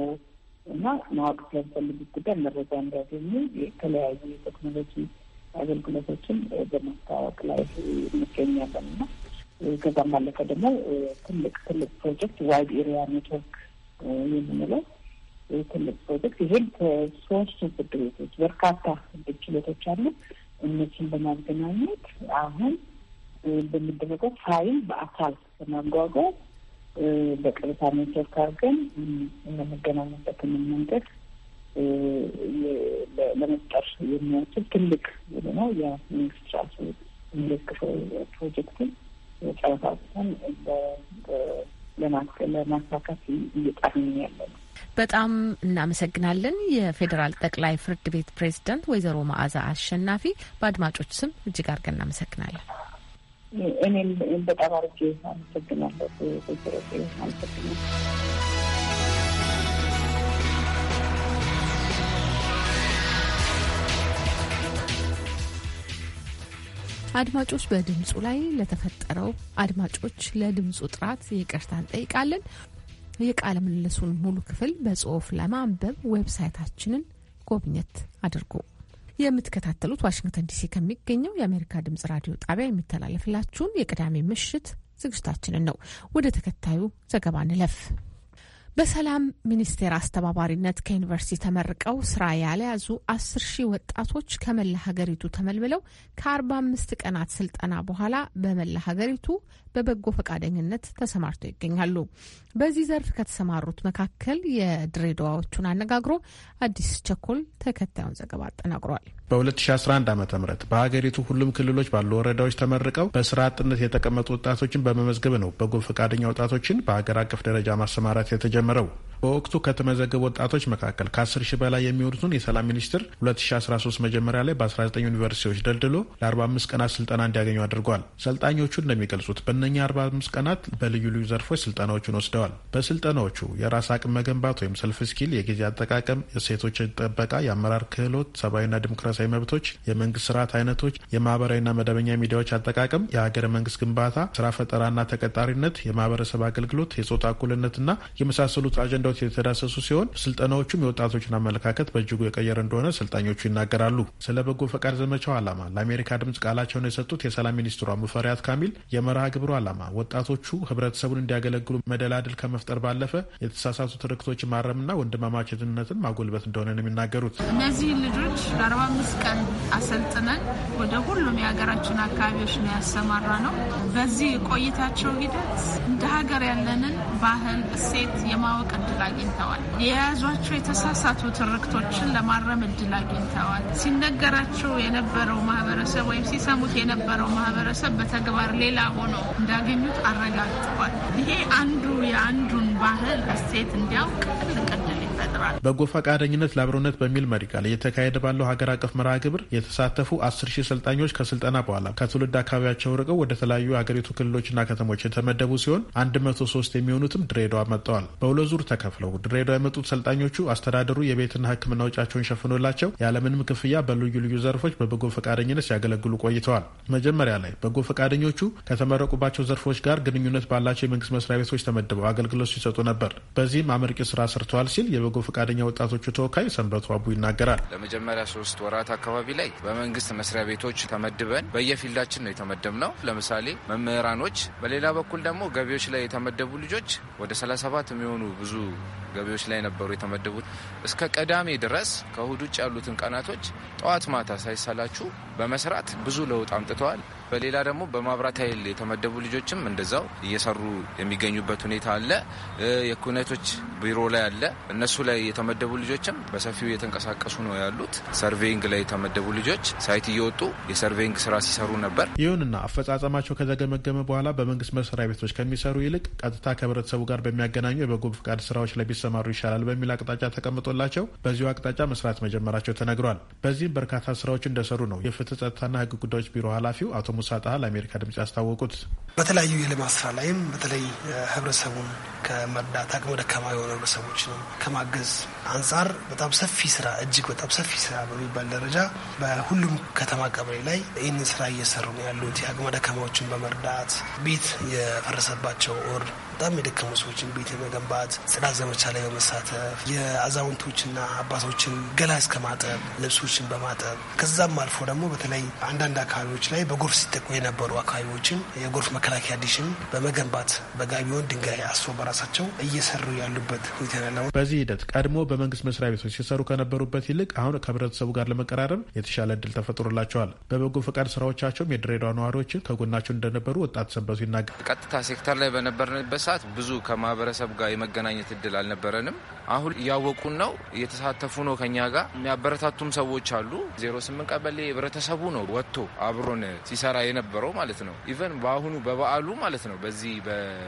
እና ማወቅ ስለሚፈልጉት ጉዳይ መረጃ እንዲያገኙ የተለያዩ የቴክኖሎጂ አገልግሎቶችን በማስታወቅ ላይ እንገኛለን እና ከዛም ባለፈ ደግሞ ትልቅ ትልቅ ፕሮጀክት ዋይድ ኤሪያ ኔትወርክ የምንለው ትልቅ ፕሮጀክት ይሄን ከሶስቱ ፍርድ ቤቶች በርካታ ፍርድ ችሎቶች አሉ። እነሱን በማገናኘት አሁን በሚደረገው ፋይል በአካል በማጓጓዝ በቅርታ ኔትወርክ አድርገን የምንገናኝበትን መንገድ ለመፍጠር የሚያስችል ትልቅ ነው የመንግስት የኢንፍራስትራክቸር ኢንቨስትመንት ፕሮጀክትን ጨረታዎችን ለማሳካት እየጣርን ያለን። በጣም እናመሰግናለን። የፌዴራል ጠቅላይ ፍርድ ቤት ፕሬዝዳንት ወይዘሮ መዓዛ አሸናፊ በአድማጮች ስም እጅግ አድርገን እናመሰግናለን። እኔም በጣም አርጌ አመሰግናለሁ። ወይዘሮ አመሰግናለሁ። አድማጮች በድምፁ ላይ ለተፈጠረው አድማጮች ለድምፁ ጥራት ይቅርታ እንጠይቃለን። የቃለ ምልልሱን ሙሉ ክፍል በጽሁፍ ለማንበብ ዌብሳይታችንን ጎብኘት አድርጉ። የምትከታተሉት ዋሽንግተን ዲሲ ከሚገኘው የአሜሪካ ድምጽ ራዲዮ ጣቢያ የሚተላለፍላችሁን የቅዳሜ ምሽት ዝግጅታችንን ነው። ወደ ተከታዩ ዘገባ እንለፍ። በሰላም ሚኒስቴር አስተባባሪነት ከዩኒቨርሲቲ ተመርቀው ስራ ያልያዙ አስር ሺህ ወጣቶች ከመላ ሀገሪቱ ተመልምለው ከአርባ አምስት ቀናት ስልጠና በኋላ በመላ ሀገሪቱ በበጎ ፈቃደኝነት ተሰማርተው ይገኛሉ። በዚህ ዘርፍ ከተሰማሩት መካከል የድሬዳዋዎቹን አነጋግሮ አዲስ ቸኮል ተከታዩን ዘገባ አጠናቅሯል። በ2011 ዓ ም በሀገሪቱ ሁሉም ክልሎች ባሉ ወረዳዎች ተመርቀው በስራ አጥነት የተቀመጡ ወጣቶችን በመመዝገብ ነው በጎ ፈቃደኛ ወጣቶችን በሀገር አቀፍ ደረጃ ማሰማራት የተጀመረው። በወቅቱ ከተመዘገቡ ወጣቶች መካከል ከ10 ሺህ በላይ የሚሆኑትን የሰላም ሚኒስትር 2013 መጀመሪያ ላይ በ19 ዩኒቨርሲቲዎች ደልድሎ ለ45 ቀናት ስልጠና እንዲያገኙ አድርጓል። ሰልጣኞቹ እንደሚገልጹት በእነኛ 45 ቀናት በልዩ ልዩ ዘርፎች ስልጠናዎቹን ወስደዋል። በስልጠናዎቹ የራስ አቅም መገንባት ወይም ሰልፍ ስኪል፣ የጊዜ አጠቃቀም፣ የሴቶች ጥበቃ፣ የአመራር ክህሎት፣ ሰብአዊና ዲሞክራሲያዊ መብቶች፣ የመንግስት ስርዓት አይነቶች፣ የማህበራዊና መደበኛ ሚዲያዎች አጠቃቀም፣ የሀገረ መንግስት ግንባታ፣ ስራ ፈጠራና ተቀጣሪነት፣ የማህበረሰብ አገልግሎት፣ የጾታ እኩልነትና የመሳሰሉት አጀንዳ አጀንዳዎች የተዳሰሱ ሲሆን ስልጠናዎቹም የወጣቶችን አመለካከት በእጅጉ የቀየረ እንደሆነ ሰልጣኞቹ ይናገራሉ። ስለ በጎ ፈቃድ ዘመቻው ዓላማ ለአሜሪካ ድምጽ ቃላቸውን የሰጡት የሰላም ሚኒስትሯ ሙፈሪያት ካሚል የመርሃ ግብሩ ዓላማ ወጣቶቹ ህብረተሰቡን እንዲያገለግሉ መደላድል ከመፍጠር ባለፈ የተሳሳቱ ትርክቶችን ማረምና ወንድማማችነትን ማጎልበት እንደሆነ ነው የሚናገሩት። እነዚህ ልጆች ለአርባ አምስት ቀን አሰልጥነን ወደ ሁሉም የሀገራችን አካባቢዎች ነው ያሰማራ ነው። በዚህ ቆይታቸው ሂደት እንደ ሀገር ያለንን ባህል እሴት የማወቅ እድል አግኝተዋል። የያዟቸው የተሳሳቱ ትርክቶችን ለማረም እድል አግኝተዋል። ሲነገራቸው የነበረው ማህበረሰብ ወይም ሲሰሙት የነበረው ማህበረሰብ በተግባር ሌላ ሆኖ እንዳገኙት አረጋግጠዋል። ይሄ አንዱ የአንዱን ባህል እሴት እንዲያውቅ ትልቅ እድል ፈጥሯል። በጎ ፈቃደኝነት ለአብሮነት በሚል መሪ ቃል እየተካሄደ ባለው ሀገር አቀፍ መርሃ ግብር የተሳተፉ አስር ሺህ ሰልጣኞች ከስልጠና በኋላ ከትውልድ አካባቢያቸው ርቀው ወደ ተለያዩ የሀገሪቱ ክልሎችና ከተሞች የተመደቡ ሲሆን አንድ መቶ ሶስት የሚሆኑትም ድሬዳዋ መጥተዋል። በሁለት ዙር ተከፍለው ድሬዳዋ የመጡት ሰልጣኞቹ አስተዳደሩ የቤትና ሕክምና ውጫቸውን ሸፍኖላቸው ያለምንም ክፍያ በልዩ ልዩ ዘርፎች በበጎ ፈቃደኝነት ሲያገለግሉ ቆይተዋል። መጀመሪያ ላይ በጎ ፈቃደኞቹ ከተመረቁባቸው ዘርፎች ጋር ግንኙነት ባላቸው የመንግስት መስሪያ ቤቶች ተመድበው አገልግሎት ሲሰጡ ነበር። በዚህም አመርቂ ስራ ሰርተዋል ሲል የበጎ ፈቃደኛ ወጣቶቹ ተወካይ ሰንበቱ አቡ ይናገራል። ለመጀመሪያ ሶስት ወራት አካባቢ ላይ በመንግስት መስሪያ ቤቶች ተመድበን በየፊልዳችን ነው የተመደብነው። ለምሳሌ መምህራኖች፣ በሌላ በኩል ደግሞ ገቢዎች ላይ የተመደቡ ልጆች ወደ 37 የሚሆኑ ብዙ ገቢዎች ላይ ነበሩ የተመደቡት። እስከ ቅዳሜ ድረስ ከእሁድ ውጭ ያሉትን ቀናቶች ጠዋት ማታ ሳይሰላችሁ በመስራት ብዙ ለውጥ አምጥተዋል። በሌላ ደግሞ በማብራት ኃይል የተመደቡ ልጆችም እንደዛው እየሰሩ የሚገኙበት ሁኔታ አለ። የኩነቶች ቢሮ ላይ አለ። እነሱ ላይ የተመደቡ ልጆችም በሰፊው እየተንቀሳቀሱ ነው ያሉት። ሰርቬይንግ ላይ የተመደቡ ልጆች ሳይት እየወጡ የሰርቬይንግ ስራ ሲሰሩ ነበር። ይሁንና አፈጻጸማቸው ከተገመገመ በኋላ በመንግስት መስሪያ ቤቶች ከሚሰሩ ይልቅ ቀጥታ ከህብረተሰቡ ጋር በሚያገናኙ የበጎ ፍቃድ ስራዎች ላይ ቢሰማሩ ይሻላል በሚል አቅጣጫ ተቀምጦላቸው በዚሁ አቅጣጫ መስራት መጀመራቸው ተነግሯል። በዚህም በርካታ ስራዎች እንደሰሩ ነው የፍትህ ጸጥታና ህግ ጉዳዮች ቢሮ ኃላፊው አቶ ሙሳ ጣሃ ለአሜሪካ ድምጽ ያስታወቁት። በተለያዩ የልማት ስራ ላይም በተለይ ህብረተሰቡን ከመርዳት አቅመ ደካማ የሆነ ህብረተሰቦችንም ከማገዝ አንጻር በጣም ሰፊ ስራ እጅግ በጣም ሰፊ ስራ በሚባል ደረጃ በሁሉም ከተማ ቀበሌ ላይ ይህንን ስራ እየሰሩ ነው ያሉት። የአቅመ ደካማዎችን በመርዳት ቤት የፈረሰባቸው ኦር በጣም የደከሙ ሰዎችን ቤት የመገንባት ጽዳት ዘመቻ ላይ በመሳተፍ የአዛውንቶችና አባቶችን ገላ እስከ ማጠብ ልብሶችን በማጠብ ከዛም አልፎ ደግሞ በተለይ አንዳንድ አካባቢዎች ላይ በጎርፍ ሲጠቁ የነበሩ አካባቢዎችን የጎርፍ መከላከያ ዲሽን በመገንባት በጋቢውን ድንጋይ አስፎ በራሳቸው እየሰሩ ያሉበት ሁኔታ ያለው። በዚህ ሂደት ቀድሞ በመንግስት መስሪያ ቤቶች ሲሰሩ ከነበሩበት ይልቅ አሁን ከህብረተሰቡ ጋር ለመቀራረብ የተሻለ እድል ተፈጥሮላቸዋል። በበጎ ፈቃድ ስራዎቻቸውም የድሬዳዋ ነዋሪዎችን ከጎናቸው እንደነበሩ ወጣት ሰንበቱ ይናገራል። ቀጥታ ሴክተር ላይ በነበርንበት ሰዓት ብዙ ከማህበረሰብ ጋር የመገናኘት እድል አልነበረንም። አሁን እያወቁን ነው፣ እየተሳተፉ ነው። ከኛ ጋር የሚያበረታቱም ሰዎች አሉ። ዜሮ ስምንት ቀበሌ ህብረተሰቡ ነው ወጥቶ አብሮን ሲሰራ የነበረው ማለት ነው። ኢቨን በአሁኑ በበዓሉ ማለት ነው በዚህ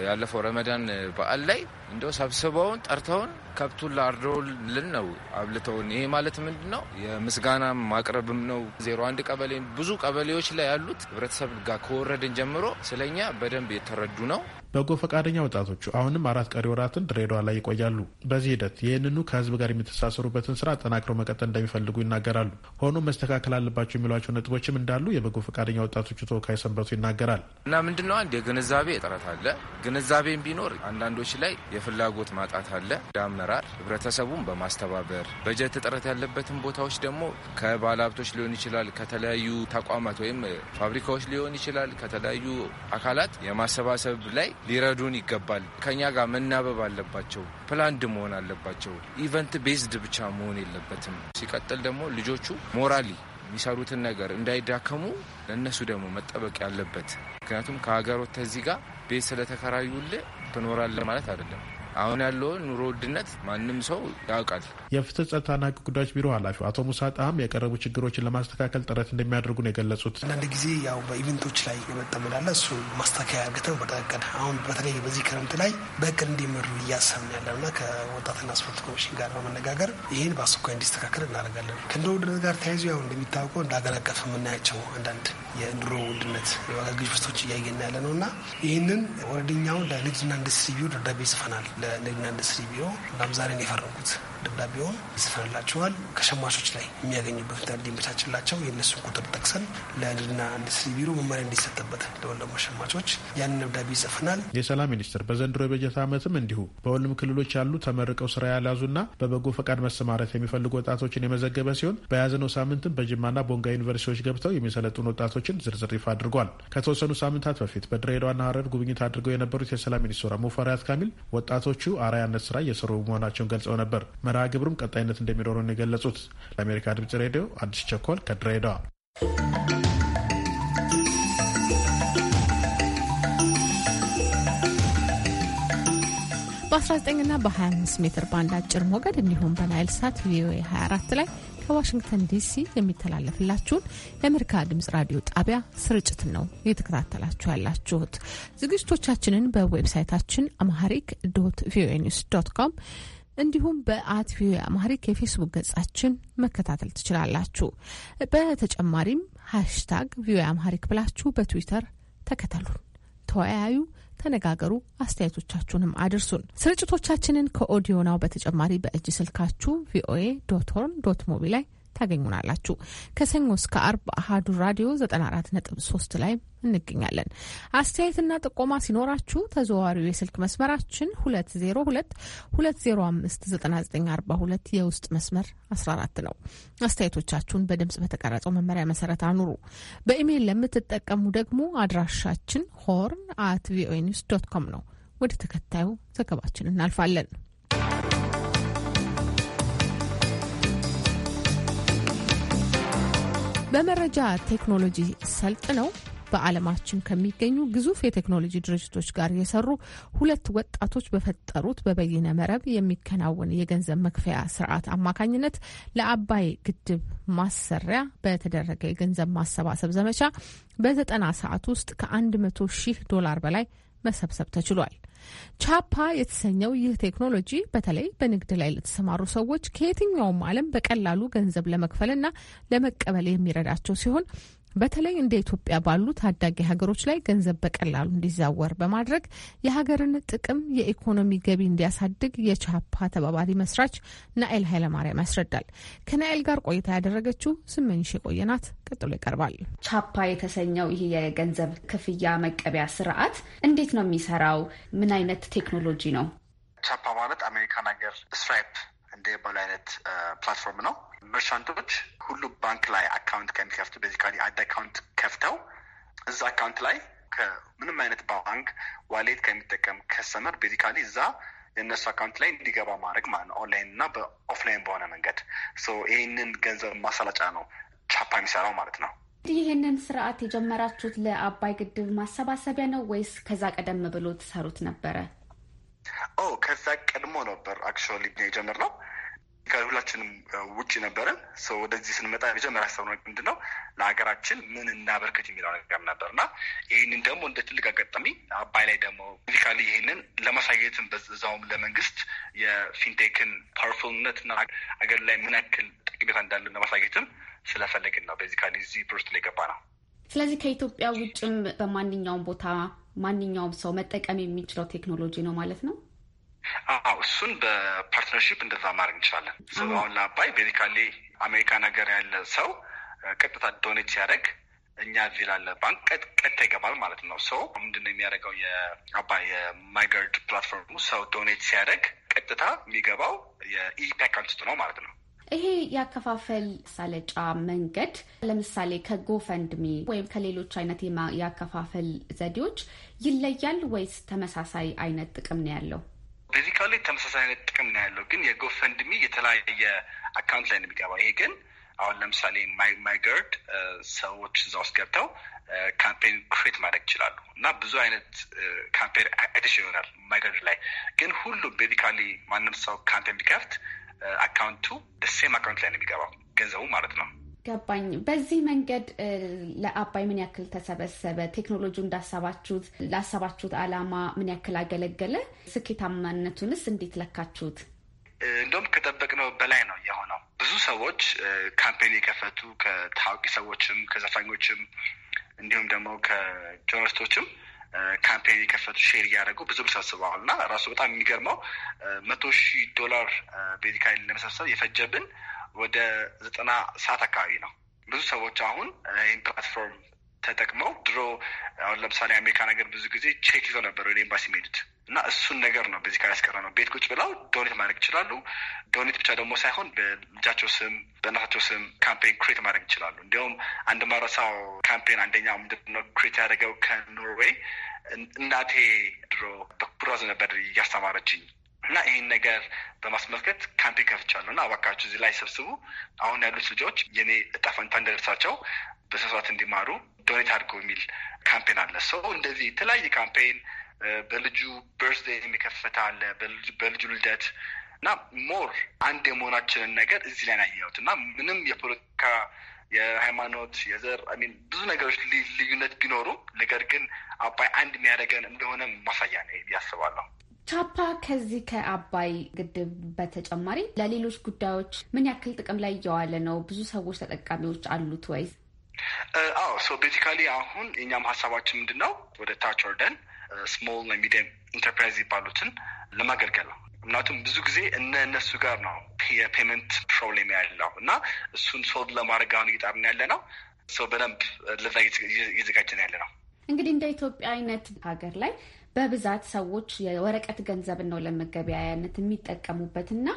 ያለፈው ረመዳን በዓል ላይ እንደው ሰብስበውን ጠርተውን ከብቱን ላርደውልን ነው አብልተውን። ይሄ ማለት ምንድን ነው? የምስጋና ማቅረብም ነው። ዜሮ አንድ ቀበሌ ብዙ ቀበሌዎች ላይ ያሉት ህብረተሰብ ጋር ከወረድን ጀምሮ ስለኛ በደንብ የተረዱ ነው። በጎ ፈቃደኛ ወጣቶቹ አሁንም አራት ቀሪ ወራትን ድሬዳዋ ላይ ይቆያሉ። በዚህ ሂደት ይህንኑ ከህዝብ ጋር የሚተሳሰሩበትን ስራ አጠናክረው መቀጠል እንደሚፈልጉ ይናገራሉ። ሆኖም መስተካከል አለባቸው የሚሏቸው ነጥቦችም እንዳሉ የበጎ ፈቃደኛ ወጣቶቹ ተወካይ ሰንበቱ ይናገራል። እና ምንድነው አንድ የግንዛቤ እጥረት አለ። ግንዛቤም ቢኖር አንዳንዶች ላይ የፍላጎት ማጣት አለ። አመራር ህብረተሰቡን በማስተባበር በጀት እጥረት ያለበትን ቦታዎች ደግሞ ከባለሀብቶች ሊሆን ይችላል ከተለያዩ ተቋማት ወይም ፋብሪካዎች ሊሆን ይችላል ከተለያዩ አካላት የማሰባሰብ ላይ ሊረዱን ይገባል። ከኛ ጋር መናበብ አለባቸው። ፕላንድ መሆን አለባቸው። ኢቨንት ቤዝድ ብቻ መሆን የለበትም። ሲቀጥል ደግሞ ልጆቹ ሞራሊ የሚሰሩትን ነገር እንዳይዳከሙ ለእነሱ ደግሞ መጠበቅ ያለበት ምክንያቱም ከሀገር ወጥተህ እዚህ ጋር ቤት ስለተከራዩልህ ትኖራለህ ማለት አይደለም። አሁን ያለውን ኑሮ ውድነት ማንም ሰው ያውቃል። የፍትህ ጸጥታና ህግ ጉዳዮች ቢሮ ኃላፊው አቶ ሙሳ ጣም የቀረቡ ችግሮችን ለማስተካከል ጥረት እንደሚያደርጉ ነው የገለጹት። አንዳንድ ጊዜ ያው በኢቨንቶች ላይ የመጠመዳለ እሱ ማስተካከያ ገተው በተቀቀደ አሁን በተለይ በዚህ ክረምት ላይ በእቅድ እንዲመሩ እያሰብን ያለው ያለውና ከወጣትና ስፖርት ኮሚሽን ጋር በመነጋገር ይህን በአስቸኳይ እንዲስተካከል እናደርጋለን። ከእንደ ውድነት ጋር ተያይዞ ያው እንደሚታወቀው እንደ ሀገር አቀፍ የምናያቸው አንዳንድ የኑሮ ውድነት የዋጋ ግሽበቶች እያየን ያለ ነው እና ይህንን ወረድኛውን ለንግድና ኢንዱስትሪ ቢሮ ደብዳቤ ይጽፈናል። ለንግድና ኢንዱስትሪ ቢሮ እናም ዛሬ የፈረምኩት ደብዳቤ ቢሆን ይሰፍርላቸዋል። ከሸማቾች ላይ የሚያገኙበት እንዲመቻችላቸው የእነሱን ቁጥር ጠቅሰን ለንግድና ኢንዱስትሪ ቢሮ መመሪያ እንዲሰጥበት ለወለሞ ሸማቾች ያንን ደብዳቤ ይጽፍናል። የሰላም ሚኒስትር በዘንድሮ የበጀት ዓመትም እንዲሁ በሁሉም ክልሎች ያሉ ተመርቀው ስራ ያልያዙና በበጎ ፈቃድ መሰማራት የሚፈልጉ ወጣቶችን የመዘገበ ሲሆን በያዝነው ሳምንትም በጅማና ቦንጋ ዩኒቨርሲቲዎች ገብተው የሚሰለጥኑ ወጣቶችን ዝርዝር ይፋ አድርጓል። ከተወሰኑ ሳምንታት በፊት በድሬዳዋና ሀረር ጉብኝት አድርገው የነበሩት የሰላም ሚኒስትሯ ሙፈሪያት ካሚል ወጣቶቹ አርአያነት ስራ እየሰሩ መሆናቸውን ገልጸው ነበር። መርሃ ግብሩ ግብሩም ቀጣይነት እንደሚኖረው ነው የገለጹት። ለአሜሪካ ድምጽ ሬዲዮ አዲስ ቸኮል ከድሬዳዋ። በ19 እና በ25 ሜትር ባንድ አጭር ሞገድ እንዲሁም በናይል ሳት ቪኦኤ 24 ላይ ከዋሽንግተን ዲሲ የሚተላለፍላችሁን የአሜሪካ ድምጽ ራዲዮ ጣቢያ ስርጭት ነው እየተከታተላችሁ ያላችሁት። ዝግጅቶቻችንን በዌብሳይታችን አማሪክ ዶት ቪኦኤ ኒውስ ዶት ኮም እንዲሁም በአት ቪኦኤ አማሪክ የፌስቡክ ገጻችን መከታተል ትችላላችሁ። በተጨማሪም ሃሽታግ ቪኦኤ አማሪክ ብላችሁ በትዊተር ተከተሉን፣ ተወያዩ፣ ተነጋገሩ። አስተያየቶቻችሁንም አድርሱን። ስርጭቶቻችንን ከኦዲዮ ናው በተጨማሪ በእጅ ስልካችሁ ቪኦኤ ዶት ሆርን ዶት ሞቢ ላይ ታገኙናላችሁ። ከሰኞ እስከ አርብ አሀዱ ራዲዮ 94.3 ላይ እንገኛለን። አስተያየትና ጥቆማ ሲኖራችሁ ተዘዋዋሪው የስልክ መስመራችን 2022059942 የውስጥ መስመር 14 ነው። አስተያየቶቻችሁን በድምጽ በተቀረጸው መመሪያ መሰረት አኑሩ። በኢሜይል ለምትጠቀሙ ደግሞ አድራሻችን ሆርን አት ቪኦኤ ኒውስ ዶት ኮም ነው። ወደ ተከታዩ ዘገባችን እናልፋለን። በመረጃ ቴክኖሎጂ ነው። በዓለማችን ከሚገኙ ግዙፍ የቴክኖሎጂ ድርጅቶች ጋር የሰሩ ሁለት ወጣቶች በፈጠሩት በበይነ መረብ የሚከናወን የገንዘብ መክፈያ ስርዓት አማካኝነት ለአባይ ግድብ ማሰሪያ በተደረገ የገንዘብ ማሰባሰብ ዘመቻ በዘጠና ሰዓት ውስጥ ከአንድ መቶ ሺህ ዶላር በላይ መሰብሰብ ተችሏል። ቻፓ የተሰኘው ይህ ቴክኖሎጂ በተለይ በንግድ ላይ ለተሰማሩ ሰዎች ከየትኛውም ዓለም በቀላሉ ገንዘብ ለመክፈልና ለመቀበል የሚረዳቸው ሲሆን በተለይ እንደ ኢትዮጵያ ባሉ ታዳጊ ሀገሮች ላይ ገንዘብ በቀላሉ እንዲዛወር በማድረግ የሀገርን ጥቅም፣ የኢኮኖሚ ገቢ እንዲያሳድግ የቻፓ ተባባሪ መስራች ናኤል ኃይለማርያም ያስረዳል። ከናኤል ጋር ቆይታ ያደረገችው ስመኝሽ የቆየናት ቀጥሎ ይቀርባል። ቻፓ የተሰኘው ይህ የገንዘብ ክፍያ መቀበያ ስርዓት እንዴት ነው የሚሰራው? ምን አይነት ቴክኖሎጂ ነው? ቻፓ ማለት አሜሪካን ሀገር ስትራይፕ ዴብል አይነት ፕላትፎርም ነው። መርሻንቶች ሁሉ ባንክ ላይ አካውንት ከሚከፍቱ ቤዚካሊ አንድ አካውንት ከፍተው እዛ አካውንት ላይ ከምንም አይነት ባንክ ዋሌት ከሚጠቀም ከሰመር ቤዚካሊ እዛ የእነሱ አካውንት ላይ እንዲገባ ማድረግ ማለት ነው። ኦንላይን እና በኦፍላይን በሆነ መንገድ ይህንን ገንዘብ ማሰላጫ ነው ቻፓ የሚሰራው ማለት ነው። እንግዲህ ይህንን ስርዓት የጀመራችሁት ለአባይ ግድብ ማሰባሰቢያ ነው ወይስ ከዛ ቀደም ብሎ ትሰሩት ነበረ? ኦ ከዛ ቀድሞ ነበር አክቹዋሊ የጀመርነው ከሁላችንም ውጭ ነበረ። ወደዚህ ስንመጣ የመጀመሪያ ሀሳብ ምንድን ነው ለሀገራችን ምን እናበርከት የሚለው ነገር ነበር እና ይህንን ደግሞ እንደ ትልቅ አጋጣሚ አባይ ላይ ደግሞ ሚካል ይህንን ለማሳየትን በዛውም ለመንግስት የፊንቴክን ፓወርፉልነት እና አገር ላይ ምን ያክል ጠቀሜታ እንዳለ ለማሳየትም ስለፈለግን ነው በዚህ ካል እዚህ ፕሮጀክት ላይ ገባ ነው። ስለዚህ ከኢትዮጵያ ውጭም በማንኛውም ቦታ ማንኛውም ሰው መጠቀም የሚችለው ቴክኖሎጂ ነው ማለት ነው። አዎ እሱን በፓርትነርሽፕ እንደዛ ማድረግ እንችላለን። አሁን ለአባይ ቤዚካሊ አሜሪካ ነገር ያለ ሰው ቀጥታ ዶኔት ሲያደርግ እኛ እዚህ ላለ ባንክ ቀጥታ ይገባል ማለት ነው። ሰው ምንድን ነው የሚያደርገው? የአባይ የማይገርድ ፕላትፎርሙ ሰው ዶኔት ሲያደርግ ቀጥታ የሚገባው የኢፒ አካውንት ነው ማለት ነው። ይሄ ያከፋፈል ሳለጫ መንገድ ለምሳሌ ከጎፈንድሚ ወይም ከሌሎች አይነት ያከፋፈል ዘዴዎች ይለያል ወይስ ተመሳሳይ አይነት ጥቅም ነው ያለው? ቤዚካሊ ተመሳሳይ አይነት ጥቅም ነው ያለው። ግን የጎፈንድሚ የተለያየ አካውንት ላይ ነው የሚገባው። ይሄ ግን አሁን ለምሳሌ ማይገርድ ሰዎች እዛ ውስጥ ገብተው ካምፔን ክሬት ማድረግ ይችላሉ እና ብዙ አይነት ካምፔን ኤዲሽን ይሆናል ማይገርድ ላይ ግን ሁሉም ቤዚካሊ ማንም ሰው ካምፔን ቢከፍት አካውንቱ ደሴም አካውንት ላይ ነው የሚገባው ገንዘቡ ማለት ነው። ገባኝ። በዚህ መንገድ ለአባይ ምን ያክል ተሰበሰበ? ቴክኖሎጂ እንዳሰባችሁት ላሰባችሁት አላማ ምን ያክል አገለገለ? ስኬታማነቱንስ እንዴት ለካችሁት? እንደውም ከጠበቅነው በላይ ነው የሆነው። ብዙ ሰዎች ካምፔን የከፈቱ ከታዋቂ ሰዎችም ከዘፋኞችም እንዲሁም ደግሞ ከጆርናሊስቶችም ካምፔን የከፈቱ ሼር እያደረጉ ብዙ ሰብስበዋል እና ራሱ በጣም የሚገርመው መቶ ሺህ ዶላር ቤዚካሊ ለመሰብሰብ የፈጀብን ወደ ዘጠና ሰዓት አካባቢ ነው። ብዙ ሰዎች አሁን uh, ይህን ፕላትፎርም ተጠቅመው ድሮ አሁን ለምሳሌ አሜሪካ ነገር ብዙ ጊዜ ቼክ ይዘው ነበር ወደ ኤምባሲ የሚሄዱት እና እሱን ነገር ነው በዚህ ጋር ያስቀረ ነው። ቤት ቁጭ ብለው ዶኔት ማድረግ ይችላሉ። ዶኔት ብቻ ደግሞ ሳይሆን በልጃቸው ስም በእናታቸው ስም ካምፔን ክሬት ማድረግ ይችላሉ። እንዲሁም አንድ ማረሳው ካምፔን አንደኛው ምንድን ክሬት ያደረገው ከኖርዌይ እናቴ ድሮ በኩራዝ ነበር እያስተማረችኝ እና ይሄን ነገር በማስመልከት ካምፔን ከፍቻለሁ እና እባካችሁ እዚህ ላይ ሰብስቡ። አሁን ያሉት ልጆች የኔ እጣ ፈንታ እንደደርሳቸው በስፋት እንዲማሩ ዶኔት አድርገው የሚል ካምፔን አለ። ሰው እንደዚህ የተለያየ ካምፔን በልጁ በርዝዴይ የሚከፈት አለ፣ በልጁ ልደት እና ሞር አንድ የመሆናችንን ነገር እዚህ ላይ ናየሁት እና ምንም የፖለቲካ የሃይማኖት፣ የዘር ሚን ብዙ ነገሮች ልዩነት ቢኖሩም ነገር ግን አባይ አንድ የሚያደርገን እንደሆነ ማሳያ ነው ያስባለሁ። ቻፓ ከዚህ ከአባይ ግድብ በተጨማሪ ለሌሎች ጉዳዮች ምን ያክል ጥቅም ላይ እየዋለ ነው? ብዙ ሰዎች ተጠቃሚዎች አሉት ወይስ? አዎ ሶ ቤዚካሊ አሁን የኛም ሀሳባችን ምንድን ነው ወደ ታች ወርደን ስሞል እና ሚዲየም ኢንተርፕራይዝ ይባሉትን ለማገልገል ነው። ምክንያቱም ብዙ ጊዜ እነ እነሱ ጋር ነው የፔመንት ፕሮብሌም ያለው እና እሱን ሶልቭ ለማድረግ አሁን እየጣርን ያለ ነው። በደንብ ለዛ እየዘጋጀን ያለ ነው። እንግዲህ እንደ ኢትዮጵያ አይነት ሀገር ላይ በብዛት ሰዎች የወረቀት ገንዘብን ነው ለመገበያያነት እና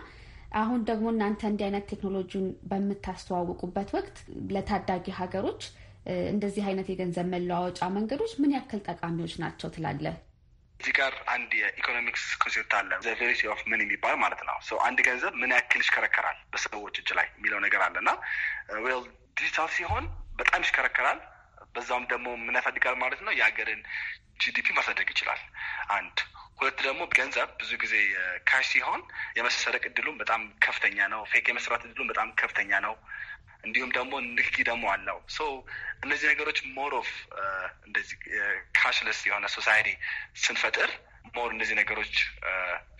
አሁን ደግሞ እናንተ እንዲህ አይነት ቴክኖሎጂን በምታስተዋውቁበት ወቅት ለታዳጊ ሀገሮች እንደዚህ አይነት የገንዘብ መለዋወጫ መንገዶች ምን ያክል ጠቃሚዎች ናቸው ትላለ? እዚህ ጋር አንድ የኢኮኖሚክስ ኮንሴፕት አለ ዘ ቬሎሲቲ ኦፍ ምን የሚባል ማለት ነው። ሰው አንድ ገንዘብ ምን ያክል ይሽከረከራል በሰዎች እጅ ላይ የሚለው ነገር አለ አለና ዌል ዲጂታል ሲሆን በጣም ይሽከረከራል። በዛውም ደግሞ ምን ያፈልጋል ማለት ነው የሀገርን ጂዲፒ ማሳደግ ይችላል። አንድ ሁለት ደግሞ ገንዘብ ብዙ ጊዜ ካሽ ሲሆን የመሰረቅ እድሉም በጣም ከፍተኛ ነው። ፌክ የመስራት እድሉም በጣም ከፍተኛ ነው። እንዲሁም ደግሞ ንክኪ ደግሞ አለው። ሶ እነዚህ ነገሮች ሞር ኦፍ እንደዚህ ካሽለስ የሆነ ሶሳይቲ ስንፈጥር ሞር እነዚህ ነገሮች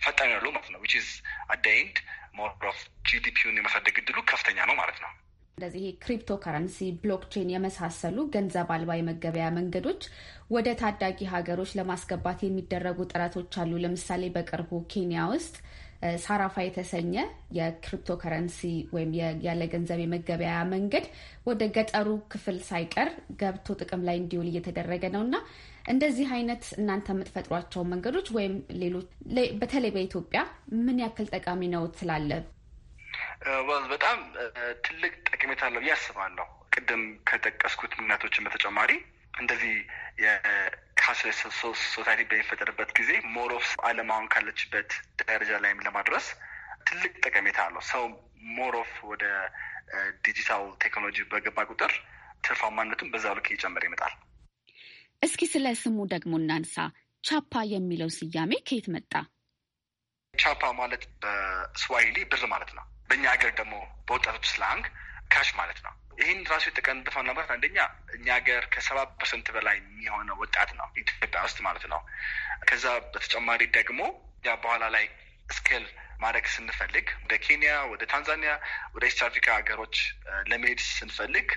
ፈጣን ያሉ ማለት ነው ዊች ኢዝ አደይንድ ሞር ኦፍ ጂዲፒውን የማሳደግ እድሉ ከፍተኛ ነው ማለት ነው። እንደዚህ ክሪፕቶ ከረንሲ፣ ብሎክቼን የመሳሰሉ ገንዘብ አልባ የመገበያ መንገዶች ወደ ታዳጊ ሀገሮች ለማስገባት የሚደረጉ ጥረቶች አሉ። ለምሳሌ በቅርቡ ኬንያ ውስጥ ሳራፋ የተሰኘ የክሪፕቶ ከረንሲ ወይም ያለ ገንዘብ የመገበያ መንገድ ወደ ገጠሩ ክፍል ሳይቀር ገብቶ ጥቅም ላይ እንዲውል እየተደረገ ነው እና እንደዚህ አይነት እናንተ የምትፈጥሯቸው መንገዶች ወይም ሌሎች በተለይ በኢትዮጵያ ምን ያክል ጠቃሚ ነው ትላለህ? በጣም ትልቅ ጠቀሜታ አለው ብዬ አስባለሁ። ቅድም ከጠቀስኩት ምክንያቶችን በተጨማሪ እንደዚህ የካሽሌስ ሶሳይቲ በሚፈጠርበት ጊዜ ሞሮፍ ዓለም አሁን ካለችበት ደረጃ ላይም ለማድረስ ትልቅ ጠቀሜታ አለው። ሰው ሞሮፍ ወደ ዲጂታል ቴክኖሎጂ በገባ ቁጥር ትርፋማነቱን በዛ ልክ እየጨመረ ይመጣል። እስኪ ስለ ስሙ ደግሞ እናንሳ። ቻፓ የሚለው ስያሜ ከየት መጣ? ቻፓ ማለት በስዋሂሊ ብር ማለት ነው። በእኛ ሀገር ደግሞ በወጣቶች ስላንግ ካሽ ማለት ነው። ይህን ራሱ የተቀንጥፈው ነበር። አንደኛ እኛ ሀገር ከሰባ ፐርሰንት በላይ የሚሆነ ወጣት ነው ኢትዮጵያ ውስጥ ማለት ነው። ከዛ በተጨማሪ ደግሞ ያ በኋላ ላይ ስኬል ማድረግ ስንፈልግ ወደ ኬንያ፣ ወደ ታንዛኒያ፣ ወደ ኢስት አፍሪካ ሀገሮች ለመሄድ ስንፈልግ